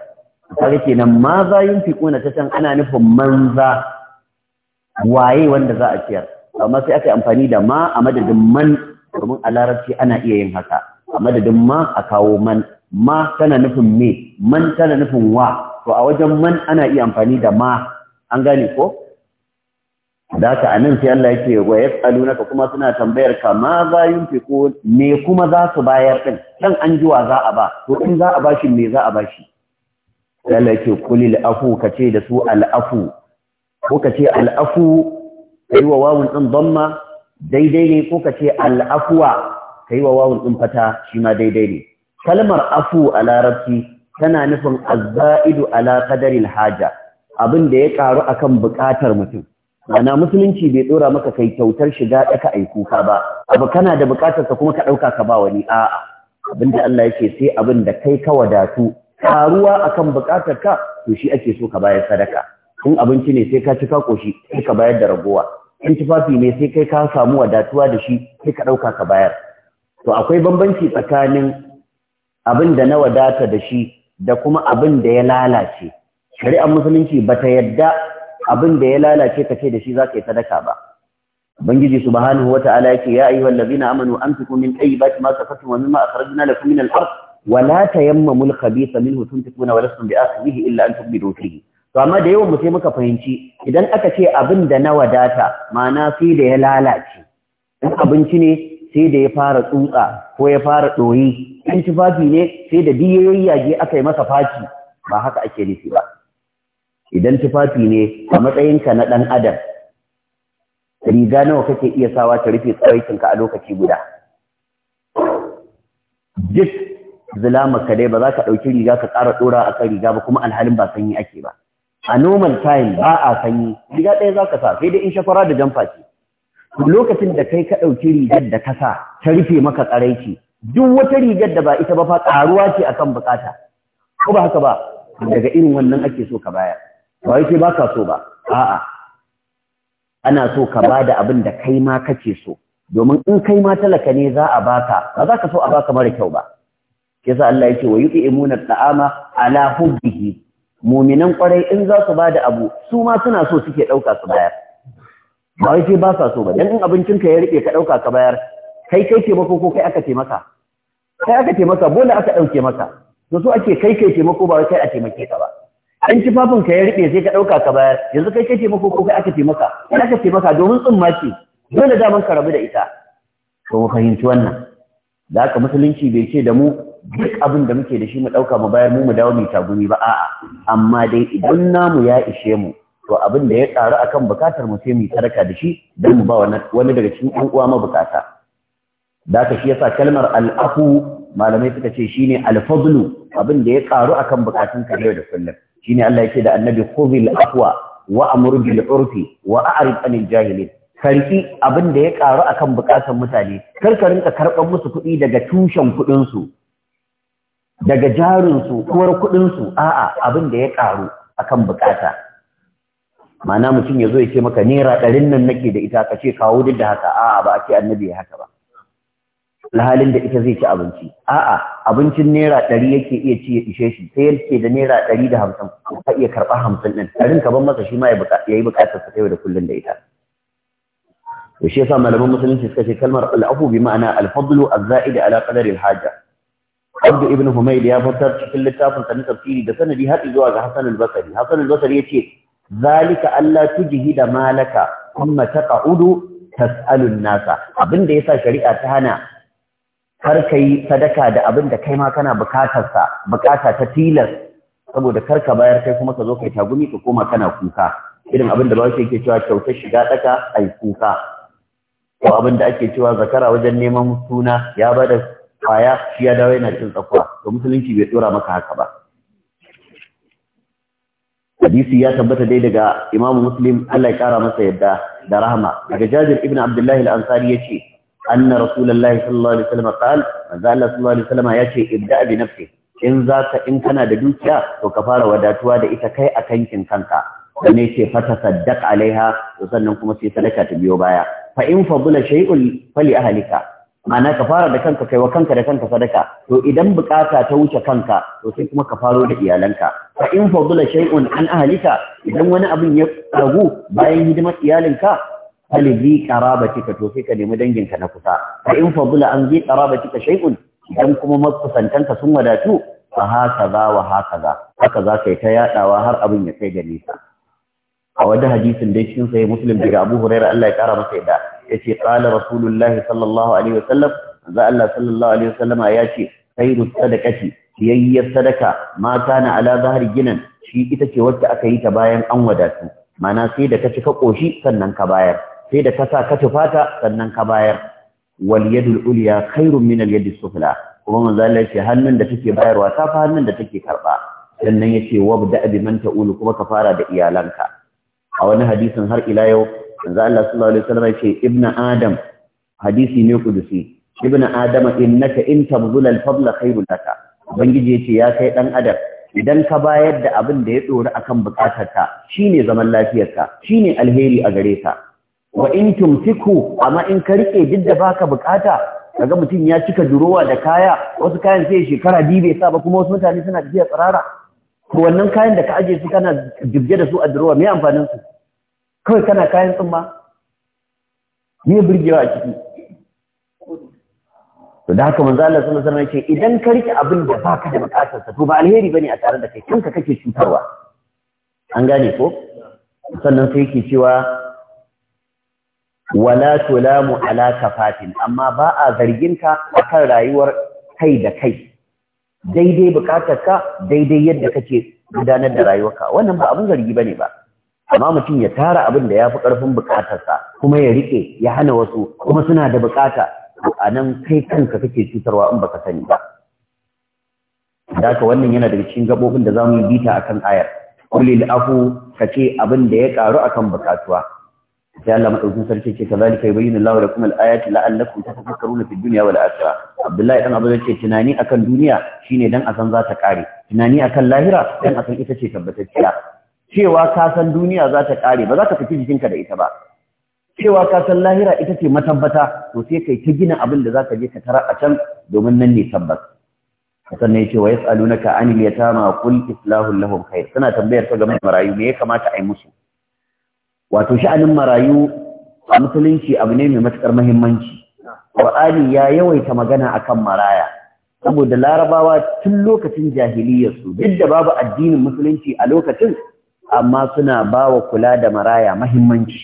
Speaker 1: kaga nan ma za yin fiquna ta can ana nufin manza waye wanda za a ciyar amma sai aka yi amfani da ma a madadin man domin a larabci ana iya yin haka a madadin ma a kawo man ma tana nufin me man tana nufin wa to a wajen man ana iya amfani da ma an gane ko da haka anan sai Allah yake wa naka kuma suna tambayar ka ma za fiko me kuma za su bayar din dan an jiwa za a ba to in za a bashi me za a bashi Allah yake kulil afu kace da su al afu ko kace al afu kai wa wawun din damma daidai ne ko kace al afwa kai wa wawun din fata shi ma daidai ne kalmar afu a larabci tana nufin azzaidu ala qadaril haja abin da ya karu akan bukatar mutum ma'ana musulunci bai ɗora maka kai kyautar shiga ɗaka aiku kuka ba, abu kana da buƙatar ka kuma ka ɗauka ka ba wani a'a. Abin da Allah yake sai abin da kai ka wadatu, karuwa akan buƙatar ka to shi ake so ka bayar sadaka. In abinci ne sai ka ci ka shi, sai ka bayar da ragowa. In tufafi ne sai kai ka samu wadatuwa da shi sai ka ɗauka ka bayar. To akwai bambanci tsakanin abin da na wadata da shi da kuma abin da ya lalace. Shari'ar Musulunci ba ta yadda abin da ya lalace ce da shi zaka yi sadaka ba ubangiji subhanahu ta'ala yake ya ayyuhal ladina amanu anfiqu min tayyibati ma kasabtum wa mimma akhrajna lakum min al-ard wa la tayammamu al-khabitha minhu tunfiquna wa lastum bi'akhidhihi illa an tubdu fihi to amma da yawan mu sai muka fahimci idan aka ce abin da na wadata ma'ana sai da ya lalace in abinci ne sai da ya fara tsutsa ko ya fara ɗoyi in tufafi ne sai da biyoyin aka yi masa faci ba haka ake nufi ba idan tufafi ne a matsayinka na ɗan adam riga nawa kake iya sawa ta rufe tsawaitinka a lokaci guda duk ka dai ba za ka ɗauki riga ka ƙara ɗora a kan riga ba kuma alhalin ba sanyi ake ba a normal time ba a sanyi riga ɗaya za ka sa sai dai in shafara da jamfa ce lokacin da kai ka ɗauki rigar da ka sa ta rufe maka tsaraici duk wata rigar da ba ita ba fa ƙaruwa ce akan bukata ko ba haka ba daga irin wannan ake so ka bayar ba yake ba ka so ba a'a ana so ka ba da abin da kai ma kake so domin in kai ma talaka ne za a baka ba za ka so a baka mara kyau ba yasa Allah yake wa yuqimuna ta'ama ala hubbihi mu'minan kwarai in za su bada abu su ma suna so suke dauka su bayar ba yake ba sa so ba dan in abincin ka ya rike ka dauka ka bayar kai kai ke mako ko kai aka taimaka kai aka taimaka bole aka dauke maka to so ake kai kai taimako ba kai a taimake ka ba an ci tufafin ka ya riɓe sai ka ɗauka ka bayar yanzu kai kake taimako ko kai aka taimaka kai aka taimaka domin tsumma ce dole da ka rabu da ita to mu fahimci wannan da haka musulunci bai ce da mu duk abin da muke da shi mu ɗauka mu bayar mu mu dawo mu taguni ba a'a amma dai idan namu ya ishe mu to abin da ya ƙaru akan bukatar mu sai mu tarka da shi don mu ba wani daga cikin ɗan uwa mabukata da haka shi yasa kalmar al'afu malamai suka ce shine alfadlu abin da ya ƙaru akan bukatun ka yau da kullum shine Allah yake da annabi khudhil aqwa wa amur bil urfi wa a'rid anil jahilin karki abin da ya karu akan bukatun mutane kar ka rinka karban musu kuɗi daga tushen kuɗin su daga jarin su kuwar kuɗin su a'a abin da ya karu akan bukata ma'ana mutum ya zo ya ce maka naira ɗarin nan nake da ita ka ce kawo duk da haka a'a ba a ce annabi ya haka ba alhalin da ita zai ci abinci a'a abincin naira ɗari yake iya ci ya ishe shi sai yake da naira ɗari da hamsin ka iya karɓa hamsin ɗin ɗarin ka ban masa shi ma ya yi buƙatar sa da kullum da ita to shi yasa malaman musulunci suka ce kalmar al'afu bi ma'ana al-fadlu az-za'id ala qadari al-haja Abdu ibn Humayd ya fitar cikin littafin sa na tafsiri da sanadi har zuwa ga Hassan al-Basri Hassan al-Basri yace zalika alla tujhida malaka kuma taqa'udu tas'alun nasa ya yasa shari'a ta hana kar ka yi sadaka da abin da kai ma kana bukatarsa bukata ta tilas saboda kar ka bayar kai kuma ka zo kai tagumi ka koma kana kuka irin abin da bawashi yake cewa kyautar shiga tsaka ai kuka ko abin da ake cewa zakara wajen neman suna ya ba da kwaya shi ya dawo yana cin tsakuwa to musulunci bai dora maka haka ba hadisi ya tabbata dai daga imamu muslim Allah ya kara masa yadda da rahama daga jabir ibn abdullahi al-ansari yace anna rasulullahi sallallahu alaihi wasallam qala yace ibda bi nafsi in zaka in kana da dukiya to ka fara wadatuwa da ita kai a kankin kanka da ne ce fata saddaq alaiha sannan kuma sai sadaka ta biyo baya fa in fadula shay'un fali ahlika ma'ana ka fara da kanka kaiwa kanka da kanka sadaka to idan bukata ta wuce kanka to sai kuma ka faro da iyalanka fa Bula fadula an ahalika idan wani abin ya ragu bayan hidimar iyalinka falizi karabatika to sai ka nemi danginka na kusa fa in fadula an zi karabatika shay'un idan kuma makusantanka sun wadatu fa hakaza wa hakaza haka za kai yi ta yadawa har abin ya kai gare ka a wani hadisin dai cikin sai muslim daga abu huraira Allah ya kara masa yadda yace qala rasulullahi sallallahu alaihi wasallam za Allah sallallahu alaihi wasallama ya ce khairu sadaqati yayyar sadaka ma kana ala zahri ginan shi ita ce wacce aka yi ta bayan an wadatu mana sai da ka ci ka ƙoshi sannan ka bayar sai da ka sa ka tufata sannan ka bayar wal yadul ulya khairun min al yadis sufla kuma manzo Allah yace hannun da take bayarwa ta fa hannun da take karba sannan yace wabda bi man ta'ulu kuma ka fara da iyalanka a wani hadisin har ila yau manzo Allah sallallahu alaihi wasallam yace Ibn adam hadisi ne kudusi ibnu adam innaka in tabzul al fadla khairun laka ubangiji yace ya kai dan adam idan ka bayar da abin da ya tsori akan bukatarka shine zaman lafiyarka shine alheri a gare ka wa in tumsiku amma in ka rike duk da baka bukata kaga mutum ya cika durowa da kaya wasu kayan sai shekara biyu bai sa ba kuma wasu mutane suna tafiya tsirara to wannan kayan da ka aje su kana jibge da su a durowa me amfanin su kawai kana kayan tsumma me burgewa a ciki to da haka manzo Allah sallallahu alaihi wasallam ce idan ka rike abin da baka da bukatar sa to ba alheri bane a tare da kai kanka kake cutarwa an gane ko sannan sai yake cewa wala tulamu ala kafatin amma ba a ka akan rayuwar kai da kai daidai bukatar ka daidai yadda kake gudanar da rayuwarka wannan ba abin zargi bane ba amma mutum ya tara abin da yafi fi ƙarfin bukatarsa kuma ya rike ya hana wasu kuma suna da bukata a nan kai kanka kake cutarwa in baka sani ba da haka wannan yana daga cikin gabobin da zamu yi bita akan ayar kulil afu kace abin da ya karu akan bukatuwa sai Allah madaukakin sarki ce kazalika yubayyinu Allahu lakum al-ayati la'allakum tafakkaruna fid dunya wal akhirah Abdullahi dan Abu ce tunani akan duniya shine dan asan za ta kare tunani akan lahira dan asan ita ce tabbatacciya cewa ka san duniya za ta kare ba za ka fiti jikinka da ita ba cewa ka san lahira ita ce matabbata to sai kai ta gina abin da za ka je ka tara a can domin nan ne tabbas ne ce wa yas'alunaka anil yatama qul islahu lahum khair suna tambayar ta game da marayu me ya kamata a yi musu wato sha'anin marayu a musulunci abu ne mai matukar mahimmanci Qur'ani ya yawaita magana a kan maraya saboda larabawa tun lokacin jahiliyyar su, duk da babu addinin musulunci a lokacin amma suna bawa kula da maraya mahimmanci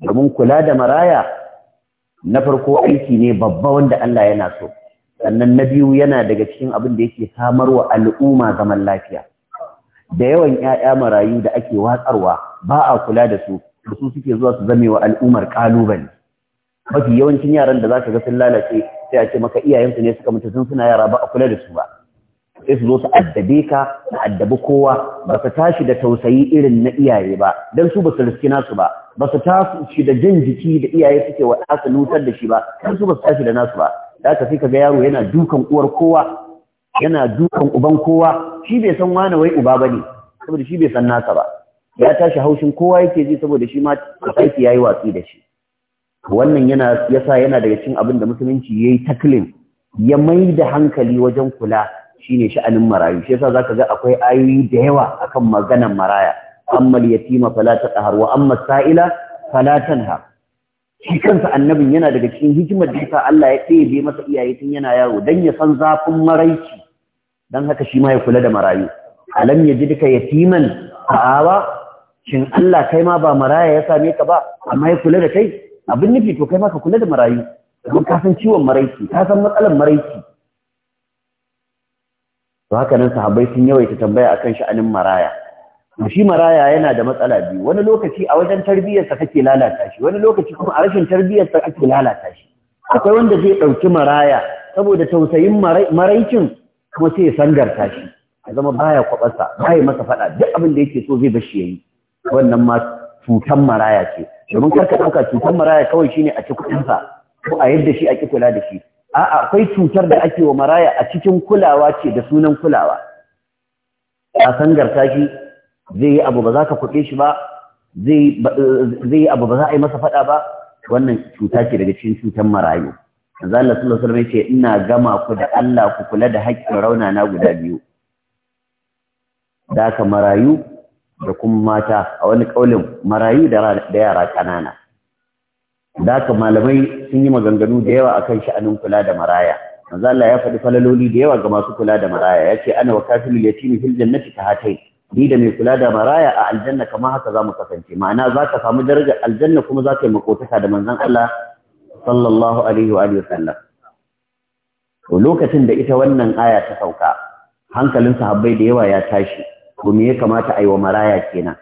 Speaker 1: domin kula da maraya na farko aiki ne babba wanda Allah yana so sannan na biyu yana daga cikin abin da yake samarwa al'umma zaman lafiya da yawan ƴaƴa marayu da ake watsarwa ba a kula da su da su suke zuwa su zame wa al'ummar kalubale mafi yawancin yaran da zaka ga sun lalace sai a ce maka iyayensu ne suka mutu sun suna yara ba a kula da su ba sai su zo su addabe ka su addabi kowa ba su tashi da tausayi irin na iyaye ba don su ba su riski nasu ba ba su tashi da jin jiki da iyaye suke wa ɗa su nutar da shi ba don su ba su tashi da nasu ba da ka sai ka ga yaro yana dukan uwar kowa yana dukan uban kowa shi bai san wani wai uba bane saboda shi bai san nasa ba ya tashi haushin kowa yake ji saboda shi ma aiki yayi watsi da shi wannan yana yasa yana daga cikin abin da musulunci yayi taklin ya mai da hankali wajen kula shine sha'anin marayu shi yasa zaka ga akwai ayoyi da yawa akan maganan maraya amma yatima fala taqhar wa amma sa'ila fala tanha shi kansa annabin yana daga cikin hikimar da Allah ya ɗebe masa iyaye tun yana yaro dan ya san zafin maraici dan haka shi ma ya kula da marayu alam ya yajidka yatiman fa'awa shin Allah kai ma ba maraya ya same ka ba amma ya kula da kai abin nufi to kai ma ka kula da marayu kuma ka san ciwon maraiki ka san matsalan maraici to haka nan sahabbai sun yawaita tambaya akan sha'anin maraya shi maraya yana da matsala biyu wani lokaci a wajen tarbiyyarsa kake lalata shi wani lokaci kuma a rashin tarbiyyarsa ake lalata shi akwai wanda zai ɗauki maraya saboda tausayin maraikin kuma sai ya sangarta shi ya zama baya kwabarsa baya masa faɗa duk abin da yake so zai bashi yayi wannan ma cutan maraya ce domin karka ɗauka cutan maraya kawai shine a ci ko a yadda shi a ki kula da shi a'a akwai cutar da ake wa maraya a cikin kulawa ce da sunan kulawa a sangarta shi zai yi abu ba za ka kuɗe shi ba zai yi abu ba za a yi masa faɗa ba wannan cuta ce daga cikin cutan marayu manzo Allah sallallahu alaihi wasallam yace ina gama ku da Allah ku kula da haƙƙin raunana guda biyu da ka marayu da kuma mata a wani kaulin marayu da yara kanana da ka malamai sun yi maganganu da yawa akan sha'anin kula da maraya manzo Allah ya faɗi falaloli da yawa ga masu kula da maraya yace ana wa kafilul yatimi fil jannati ka hatai ni da mai kula da maraya a aljanna kamar haka zamu kasance ma'ana zaka samu darajar aljanna kuma zaka yi makotaka da manzon Allah sallallahu alaihi wa to lokacin da ita wannan aya ta sauka hankalin sahabbai da yawa ya tashi kuma me ya kamata a yi wa maraya kenan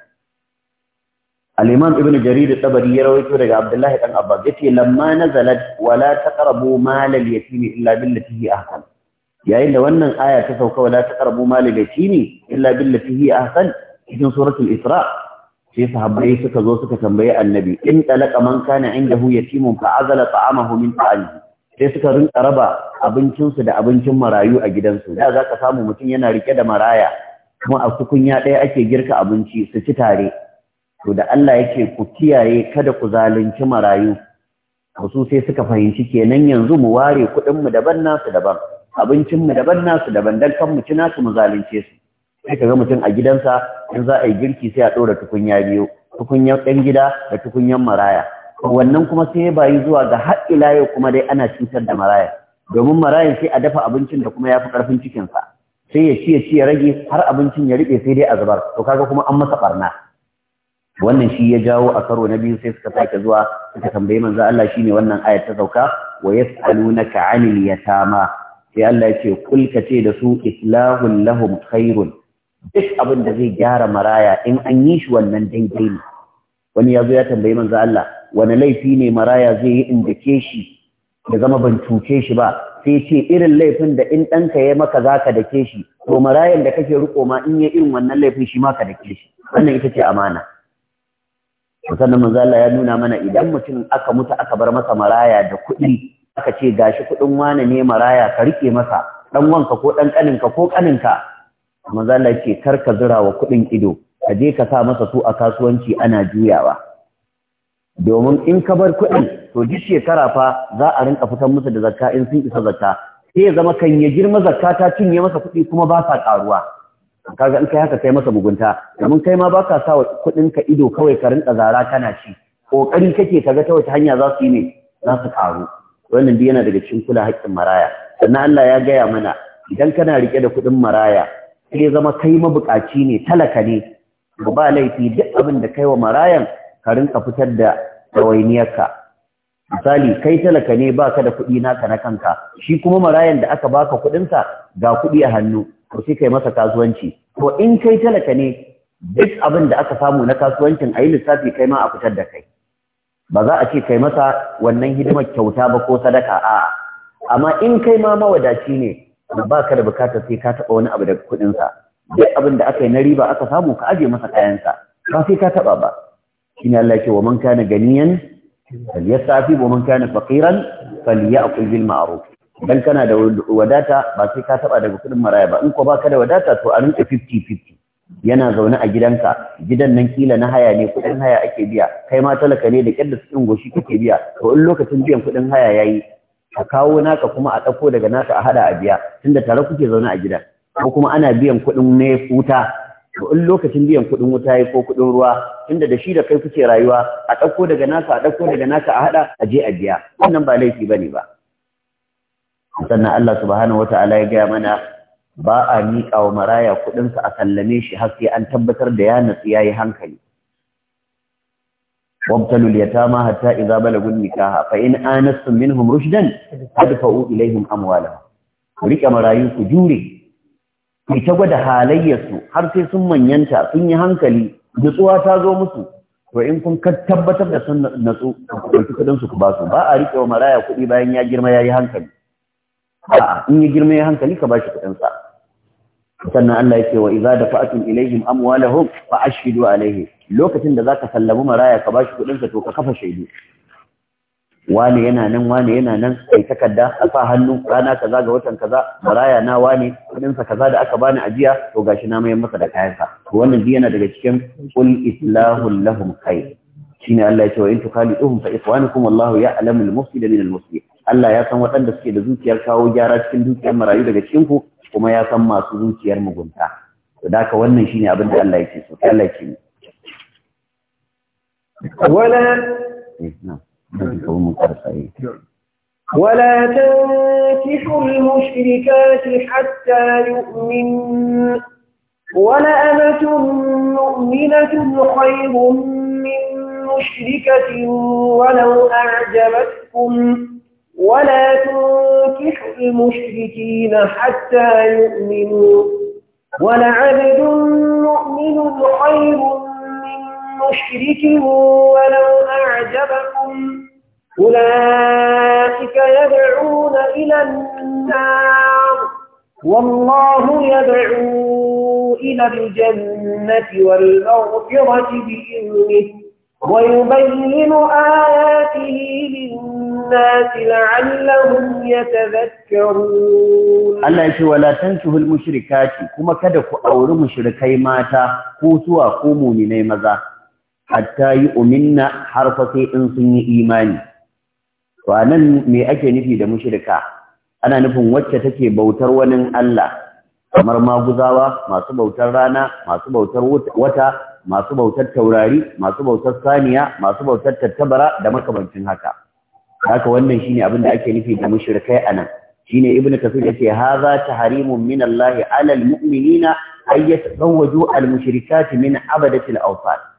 Speaker 1: alimam imam ibn jarir tabari ya rawaito daga abdullahi dan ya ce lamma Zalad, wala taqrabu mal al-yatim illa billati a ahsan yayin da wannan aya ta sauka wala taqrabu mal al-yatim illa billati a ahsan cikin suratul isra' sai sahabbai suka zo suka tambayi annabi in talaka man kana indahu yatimun fa azala ta'amahu min ta'ali sai suka rinka raba abincinsu da abincin marayu a gidansu da zaka samu mutum yana rike da maraya kuma a tukunya ɗaya ake girka abinci su ci tare to da Allah yake ku kiyaye kada ku zalunci marayu wasu sai suka fahimci kenan yanzu mu ware kuɗin mu daban nasu daban abincin mu daban nasu daban dan kan mu ci mu zalunce su sai ga mutum a gidansa in za a yi girki sai a ɗora tukunya biyu tukunyar ɗan gida da tukunyar maraya wannan kuma sai ya bayi zuwa ga har ila yau kuma dai ana cutar da maraya domin maraya sai a dafa abincin da kuma ya fi ƙarfin cikinsa sai ya ciye ya ci rage har abincin ya riɓe sai dai a zubar to kaga kuma an masa ɓarna wannan shi ya jawo a karo na biyu sai suka sake zuwa suka tambayi manzo Allah shine wannan ayat ta sauka wa yas'alunaka 'anil yatama sai Allah ya ce kul ka ce da su islahul lahum khairun duk abin da zai gyara maraya in an yi shi wannan daidai ne wani ya zo ya tambayi manzo Allah wani laifi ne maraya zai yi inda ke shi da zama ban cuce shi ba sai ce irin laifin da in ɗanka ya maka za ka dake shi to marayan da kake riko ma in ya irin wannan laifin shi ma ka dake shi wannan ita ce amana sannan manzo Allah ya nuna mana idan mutum aka mutu aka bar masa maraya da kuɗi aka ce gashi kuɗin wane ne maraya ka rike masa ɗan wanka ko dan ƙaninka ko ƙaninka? manzo Allah ce kar ka zura wa kuɗin ido ka je ka sa masa su a kasuwanci ana juyawa domin in ka bar kuɗin to duk shekara fa za a rinka fitar musu da zakka in sun isa zakka sai ya zama kan ya girma zakka ta cinye masa kuɗi kuma ba sa ƙaruwa kaga in kai haka kai masa mugunta domin kai ma baka sa kuɗin ka ido kawai ka rinka zara kana ci kokari kake kaga ta wace hanya za su yi ne za su ƙaru wannan duk yana daga cikin kula haƙƙin maraya sannan Allah ya gaya mana idan kana rike da kuɗin maraya sai zama kai mabukaci ne talaka ne ba laifi duk abin da kai wa marayan ka rinka fitar da ka. misali kai talaka ne baka da kuɗi naka na kanka shi kuma marayan da aka baka kuɗinsa ga kuɗi a hannu to sai kai masa kasuwanci to in kai talaka ne duk abin da aka samu na kasuwancin a yi lissafi kai ma a fitar da kai ba za a ce kai masa wannan hidimar kyauta ba ko sadaka A'a, amma in kai ma mawadaci ne ba ka da bukatar sai ka taɓa wani abu da kuɗinsa duk abin da aka yi na riba aka samu ka aje masa kayansa ba sai ka taɓa ba shi ne Allah ce wa man kana ganiyan falyastafi wa man kana faqiran falyakul bil ma'ruf dan kana da wadata ba sai ka taɓa daga kuɗin maraya ba in ko baka da wadata to a rinka 50-50 yana zaune a gidanka gidan nan kila na haya ne kuɗin haya ake biya kai ma talaka ne da kyar da sukin goshi kake biya to in lokacin biyan kuɗin haya yayi ka kawo naka kuma a ɗauko daga naka a haɗa a biya tunda tare kuke zaune a gida ko kuma ana biyan kuɗin ne wuta to in lokacin biyan kuɗin wuta ya ko kuɗin ruwa tunda da shi da kai kuke rayuwa a ɗauko daga naka a ɗauko daga naka a haɗa a je a biya wannan ba laifi ba ne ba sannan Allah subhanahu wata'ala ya gaya mana ba a miƙa wa maraya kuɗinsa a sallame shi har sai an tabbatar da ya natsu ya yi hankali وابتلوا اليتامى حتى إذا بلغوا النكاح فإن آنستم منهم رشدا فادفعوا إليهم أموالهم Rike مرايو ku jure. ta gwada halayyarsu har sai sun manyanta sun yi hankali nutsuwa ta zo musu to in kun tabbatar da sun natsu ku ɗauki kuɗin ku ba ba a riƙe wa maraya kuɗi bayan ya girma ya yi hankali a'a in ya girma ya hankali ka ba shi kuɗin sa sannan Allah yake wa idza dafa'tum ilaihim amwalahum fa ashhidu alaihi lokacin da zaka sallamu maraya ka bashi kuɗin sa to ka kafa shaidu wani yana nan wani yana nan kai takarda a sa hannu rana kaza ga watan kaza maraya na wani kuɗin sa kaza da aka bani ajiya to gashi na mayar masa da kayan sa to wannan duk yana daga cikin qul islahu lahum khair shine Allah ya ce wa in tukaliduhum fa ikhwanukum wallahu ya'lamu al-mufsida min al-muslih Allah ya san waɗanda suke da zuciyar kawo gyara cikin dukiyar marayu daga cikin ku kuma ya san masu zuciyar mugunta to da haka wannan shine abin da Allah ce so Allah yake
Speaker 2: ولا إيه، نعم. نعم. ولا تنكحوا المشركات حتى يؤمن ولأمة مؤمنة خير من مشركة ولو أعجبتكم ولا تنكحوا المشركين حتى يؤمنوا
Speaker 1: ولعبد
Speaker 2: مؤمن خير مشرك ولو أعجبكم أولئك يدعون إلى النار والله يدعو إلى الجنة والمغفرة بإذنه ويبين آياته للناس لعلهم يتذكرون
Speaker 1: الله يشي ولا تنشه المشركات كما كدك أور مشركي ماتا كوتوا كومو من مذا hatta yi uminna har fa sai in sun yi imani to anan me ake nufi da mushrika ana nufin wacce take bautar wani Allah kamar maguzawa masu bautar rana masu bautar wata masu bautar taurari masu bautar saniya masu bautar tattabara da makamancin haka haka wannan shine abin da ake nufi da mushrikai anan shine ibnu kasir yace hadha tahrimun min Allah ala almu'minina ay al mushrikati min abadati alawsan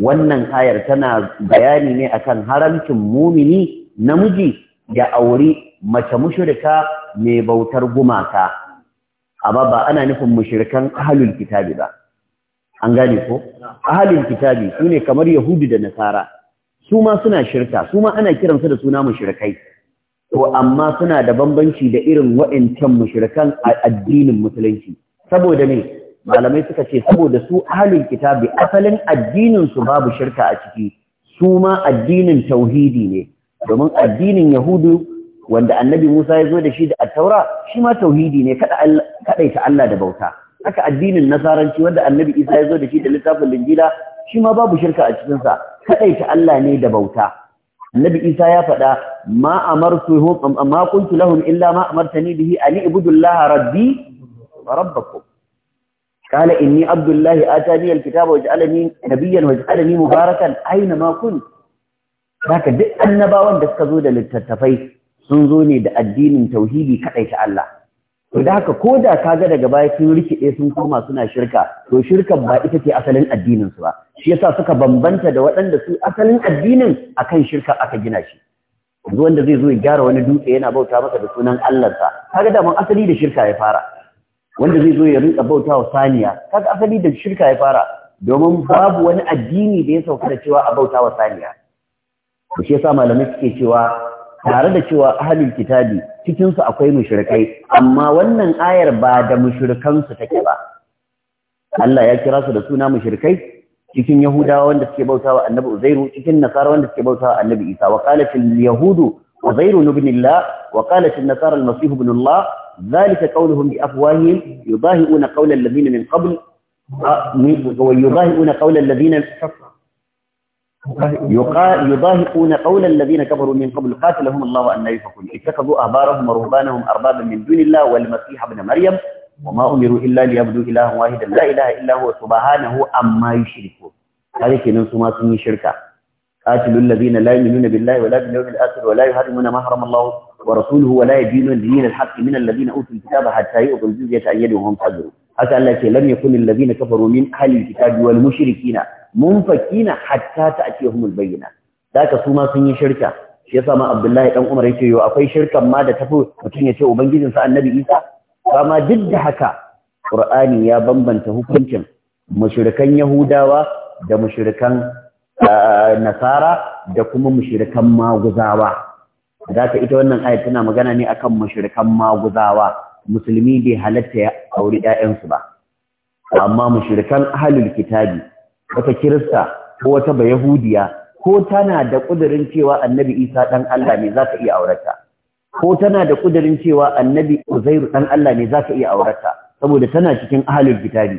Speaker 1: wannan ayar tana bayani ne akan haramcin mumini namiji ya auri mace mushrika mai bautar gumaka amma ba ana nufin mushrikan ahlul kitabi ba an gane ko ahlul kitabi sune kamar yahudi da nasara su ma suna shirka su ma ana kiransu da suna mushrikai to amma suna da bambanci da irin wa'ancan mushrikan a addinin musulunci saboda ne. malamai suka ce saboda su ahlul kitabi asalin addinin su babu shirka a ciki su ma addinin tauhidi ne domin addinin yahudu wanda annabi Musa ya zo da shi da At-Taura, shi ma tauhidi ne kada ta Allah da bauta haka addinin nasaranci wanda annabi Isa ya zo da shi da littafin linjila shi ma babu shirka a cikin sa ta Allah ne da bauta annabi Isa ya faɗa ma amartuhum ma qultu lahum illa ma amartani bihi an ibudu rabbi wa rabbakum قال إني عبد الله آتاني الكتاب وجعلني نبيا وجعلني مباركا أينما كنت ذاك duk annabawan da suka zo da littattafai sun zo ne da addinin tauhidi kadai ta Allah to da haka ko da kaga daga baya sun rikide sun koma suna shirka to shirkan ba ita ce asalin addinin su ba shi yasa suka bambanta da waɗanda su asalin addinin akan shirka aka gina shi wanda zai zo ya gyara wani dutse yana bauta masa da sunan Allah sa kaga daman asali da shirka ya fara wanda zai zo ya rinka bauta wa saniya kaga asali da shirka ya fara domin babu wani addini da ya sauka da cewa a bauta wa saniya to shi yasa malamai suke cewa tare da cewa ahlul kitabi cikin su akwai mushrikai amma wannan ayar ba da mushrikan su take ba Allah ya kira su da suna mushrikai cikin yahudawa wanda suke bauta wa annabi uzairu cikin nasara wanda suke bauta wa annabi isa wa qalat al yahudu uzairu ibn allah wa qalat an nasara al masih ibn allah ذلك قولهم بأفواههم يضاهئون قول الذين من قبل ويضاهئون قول الذين يضاهئون قول الذين كفروا من قبل قاتلهم الله أن يفكون اتخذوا أهبارهم ورهبانهم أربابا من دون الله والمسيح ابن مريم وما أمروا إلا ليعبدوا إلها واحدا لا إله إلا هو سبحانه أما يشركون هذه كنن سما سن شركه قاتلوا الذين لا يؤمنون بالله ولا باليوم الآخر ولا يحرمون ما حرم الله ورسوله ولا يدينون دين الحق من الذين أوتوا الكتاب حتى يؤتوا الجزية عن يد وهم صاغرون haka Allah ce lam yakun alladhina kafaru min ahli alkitabi wal mushrikina munfakina hatta ta'tiyahum albayyina daka su ma sun yi shirka shi yasa ma Abdullahi dan Umar yake yo akwai shirkan ma da tafi mutun ya ce ubangijin sa Annabi Isa amma duk da haka Kur'ani ya bambanta hukuncin mushrikan Yahudawa da mushrikan nasara da kuma mushrikan maguzawa ka ita wannan ayat tana magana ne akan mushrikan maguzawa musulmi bai halatta ya auri ƴaƴansu ba amma mushrikan ahlul kitabi wata kirista ko wata bayahudiya ko tana da kudirin cewa annabi isa dan Allah ne zaka iya aurata ko tana da kudirin cewa annabi uzairu ɗan Allah ne zaka iya aurata saboda tana cikin ahlul kitabi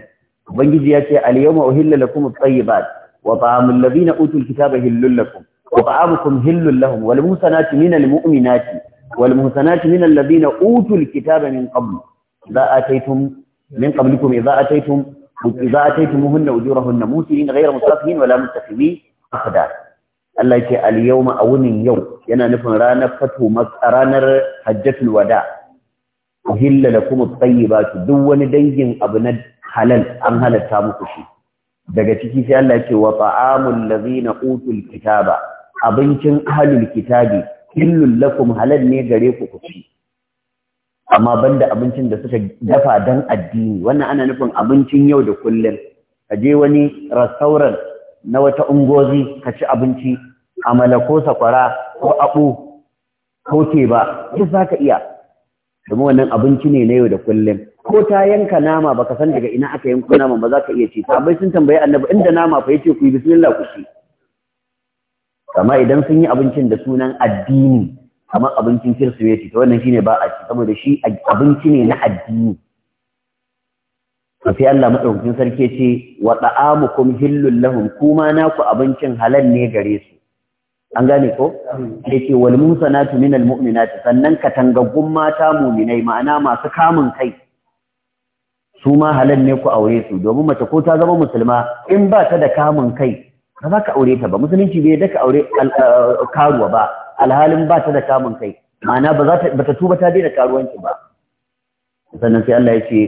Speaker 1: ubangiji ya ce al yawma uhilla at-tayyibat wa ta'amul ladina utul kitaba hillul lakum wa ta'amukum hillul lahum wal muhsanati minal mu'minati wal muhsanati minal ladina utul kitaba min qabl idza ataytum min qablikum idza ataytum idza ataytumuhunna ujurahunna musiin ghayra musafihin wala muttakhidhi akhdar Allah yake al yawma awunin yau yana nufin ranar fatu ranar hajjatul wada uhilla lakum basu. tayyibatu duk wani dangin abu na halal an halatta muku shi daga ciki sai Allah ce wa ta'amul ladzina utul kitaba abincin ahlul kitabi illul lakum halal ne gare ku ku ci amma banda abincin da suka dafa dan addini wannan ana nufin abincin yau da kullum ka je wani restaurant na wata ungozi ka ci abinci amala ko sakwara ko abu ko ba, duk zaka iya domin wannan abinci ne na yau da kullum ko ta yanka nama baka san daga ina aka yanko nama ba za ka iya ci bai sun tambayi annabi inda nama fa yace ku yi bismillah ku ci amma idan sun yi abincin da sunan addini kamar abincin kirsimeti to wannan shine ba a ci saboda shi abinci ne na addini sai Allah madaukakin sarki ce wa ta'amukum hillul lahum kuma naku abincin halal ne gare su an gane ko yake wal musanatu minal mu'minati sannan katangaggun mata mu'minai ma'ana masu kamun kai su ma halal ne ku aure su domin mace ko ta zama musulma in ba ta da kamun kai ba za ka aure ta ba musulunci bai da aure karuwa ba alhalin ba ta da kamun kai ma'ana ba za ta ta tuba ta daina karuwanci ba sannan sai Allah ya ce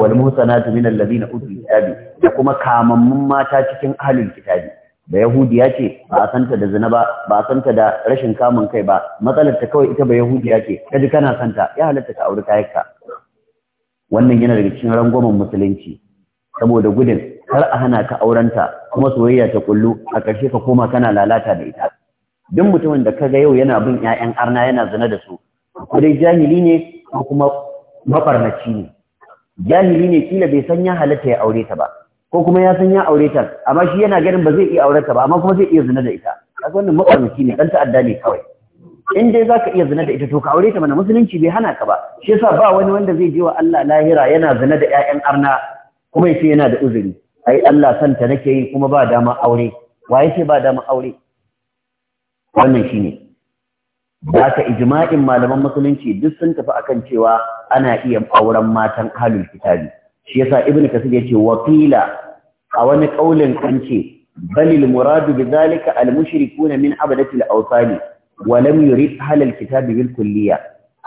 Speaker 1: wal musanatu minal ladina utul kitabi da kuma kamammun mata cikin ahlul kitabi da yahudiya ce ba a santa da zina ba ba a santa da rashin kamun kai ba matsalar ta kawai ita ba yahudiya ce kaji kana santa ya halatta ka auri kayanka wannan yana daga cikin rangwamen musulunci saboda gudun kar a hana ka aurenta kuma soyayya ta kullu a ƙarshe ka koma kana lalata da ita duk mutumin da kaga yau yana bin ƴaƴan arna yana zina da su ko dai jahili ne ko kuma mafarnaci ne jahili ne kila bai san ya halatta ya aure ta ba ko kuma ya san ya aure ta amma shi yana ganin ba zai iya aure ta ba amma kuma zai iya zina da ita kaga wannan makwarnaci ne dan ta'adda ne kawai in dai zaka iya zina da ita to ka aure ta mana musulunci bai hana ka ba shi yasa ba wani wanda zai je wa Allah lahira yana zina da ƴaƴan arna kuma yace yana da uzuri ai Allah santa nake yi kuma ba dama aure wa yace ba dama aure wannan shine da aka ijma'in malaman musulunci duk sun tafi akan cewa ana iya auren matan halin kitabi shi yasa ibnu kasir yace wa qila a wani kaulin an ce balil muradu zalika al mushrikuna min abadati al awsani wa lam yurid hal al kitab bil kulliya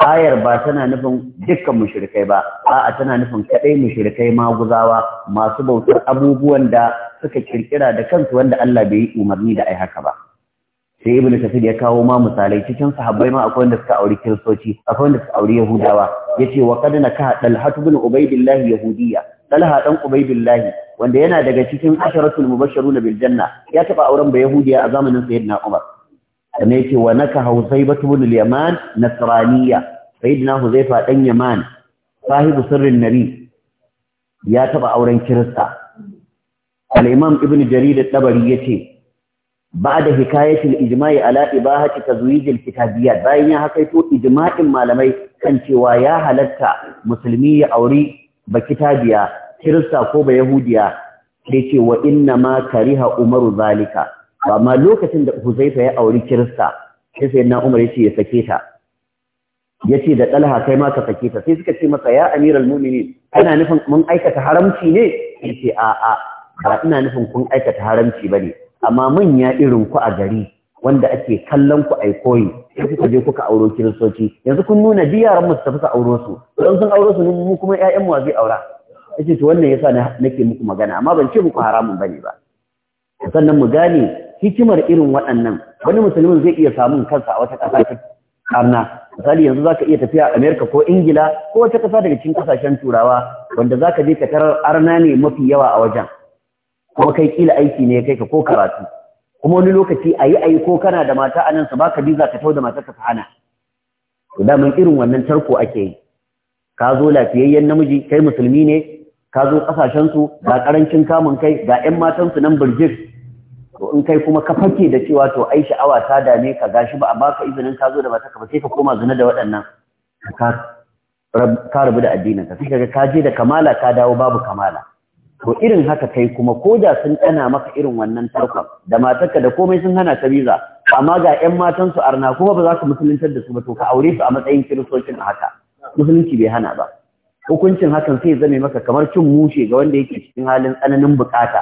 Speaker 1: ayar ba tana nufin dukkan mushrikai ba a'a tana nufin kadai mushrikai maguzawa masu bautar abubuwan da suka kirkira da kansu wanda Allah bai yi umarni da ai haka ba sai ibnu kasir ya kawo ma misalai cikin sahabbai ma akwai wanda suka auri kiristoci akwai wanda suka auri yahudawa yace wa qad nakaha talhatu bin ubaidillah yahudiyya talha dan wanda yana daga cikin asharatul mubashshiruna bil janna ya taba auren ba yahudiya a zamanin sayyidina umar sannan yace wa nakaha husaybatu bin al-yaman nasraniyya sayyidina huzaifa dan yaman sahibu sirrin nabi ya taba auren kirista al-imam ibnu jarir at-tabari yace بعد حكاية الإجماع على إباحة تزويج الكتابيات باين يحكيتو إجماع مالمي كان شوايا هلتا مسلمية أوري بكتابية كرسا كوب يهودية كيشي وإنما كريها أمر ذلك وما لوكة حزيفة أوري كرسا كيف إن أمر يشي يسكيتا yace da dalha kai ma ka sake ta sai suka ce masa ya amiral mu'minin kana nufin آآ aikata haramci ne yace a a amma manya irin ku a gari wanda ake kallon ku a koyi sai kuka je kuka auro kiristoci yanzu kun nuna bi yaran mu su tafi auro su don sun auro su ne mu kuma ƴaƴan mu zai aura yace to wannan yasa nake muku magana amma ban ce muku haramun bane ba sannan mu gane hikimar irin waɗannan wani musulmin zai iya samun kansa a wata ƙasa ta karna misali yanzu zaka iya tafiya Amerika ko Ingila ko wata ƙasa daga cikin ƙasashen Turawa wanda zaka je ka tarar arna ne mafi yawa a wajen kuma kai kila aiki ne kai ka ko karatu kuma wani lokaci ayi ayi ko kana da mata a nan su baka biza ka tau da mata ka hana to daman irin wannan tarko ake yi ka zo lafiyayyen namiji kai musulmi ne ka zo su, ga karancin kamun kai ga 'yan su nan birjik to in kai kuma ka fake da cewa to ai sha'awa ta dame ka gashi ba a baka izinin ka zo da mata ka ba sai ka koma zina da waɗannan ka rabu da addinin ka sai ka je da kamala ka dawo babu kamala to irin haka kai kuma ko da sun tsana maka irin wannan tarkon da matarka da komai sun hana ta biza amma ga 'yan matan su arna kuma ba za ka musuluntar da su ba to ka aure su a matsayin kiristocin a haka musulunci bai hana ba hukuncin hakan sai zame maka kamar cin mushe ga wanda yake cikin halin tsananin bukata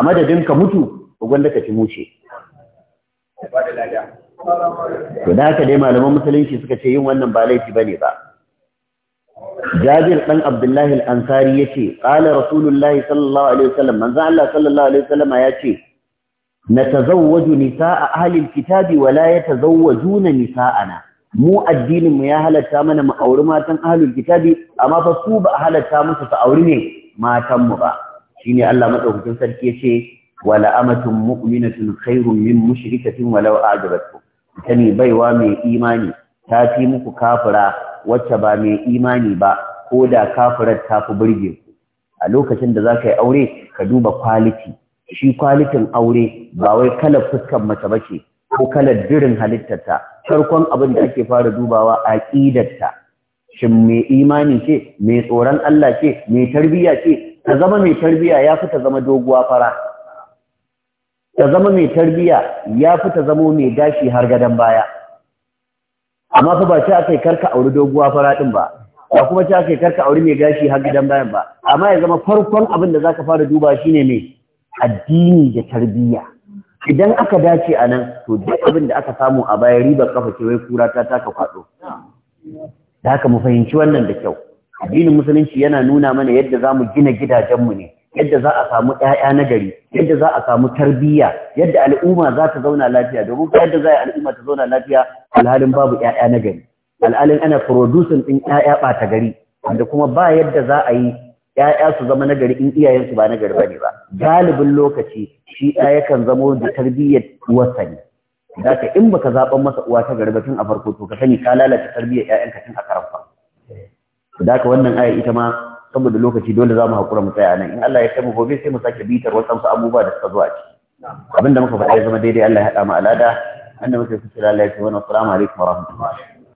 Speaker 1: a madadin ka mutu ko gwanda ka ci mushe to da haka dai malaman musulunci suka ce yin wannan ba laifi bane ba jabir dan abdullahi al-ansari ce, qala rasulullahi sallallahu alaihi wasallam manzo Allah sallallahu alaihi wasallam yace natazawwaju nisaa ahli al-kitabi wa la yatazawwajuna nisaana mu addinin mu ya halarta mana mu auri matan ahlul kitabi amma fa su ba halatta musu su auri ne matan mu ba ne Allah madaukakin sarki yace wala amatun mu'minatun khairun min mushrikatin walau a'jabatkum tani baiwa mai imani ta fi muku kafira wacce ba mai imani ba ko da kafirar ta fi burge ku a lokacin da za ka yi aure ka duba kwaliti shi kwalitin aure ba wai kalar fuskan mace ba ce ko kalar dirin halittarta farkon abin da ake fara dubawa a ƙidarta shin mai imani ce mai tsoron Allah ce mai tarbiyya ce ta zama mai tarbiyya ya fi ta zama doguwa fara ta zama mai tarbiyya ya fi ta zama mai gashi har gadon baya amma fa ba ce aka yi karka auri doguwa fara din ba ba kuma ce aka yi karka auri mai gashi har gidan bayan ba amma ya zama farkon abin da zaka fara duba shine mai addini da tarbiyya idan aka dace a nan to duk abin da aka samu a baya ribar kafa ce wai kura ta taka kwado da haka mu fahimci wannan da kyau addinin musulunci yana nuna mana yadda zamu mu gina gidajenmu ne yadda za a samu ƴaƴa na gari yadda za a samu tarbiyya yadda al'umma za ta zauna lafiya domin ka yadda za a al'umma ta zauna lafiya alhalin babu ƴaƴa na gari alhalin ana producing ɗin ƴaƴa ɓata gari wanda kuma ba yadda za a yi ƴaƴa su zama na gari in iyayensu ba na gari bane ba galibin lokaci shi ɗaya kan zamo da tarbiyyar uwarsa ne in baka zaɓan masa uwa ta gari ba tun a farko to ka sani ka lalata tarbiyyar ƴaƴanka tun a karan farko. Daka wannan aya ita ma saboda lokaci dole za mu haƙura mu tsaya nan in Allah ya kai mu gobe sai mu sake bitar wasu abubuwa da suka zo a ciki abinda muka faɗa ya zama daidai Allah ya haɗa mu alada annabi sai su kira Allah ya ce wa assalamu alaikum wa
Speaker 2: rahmatullahi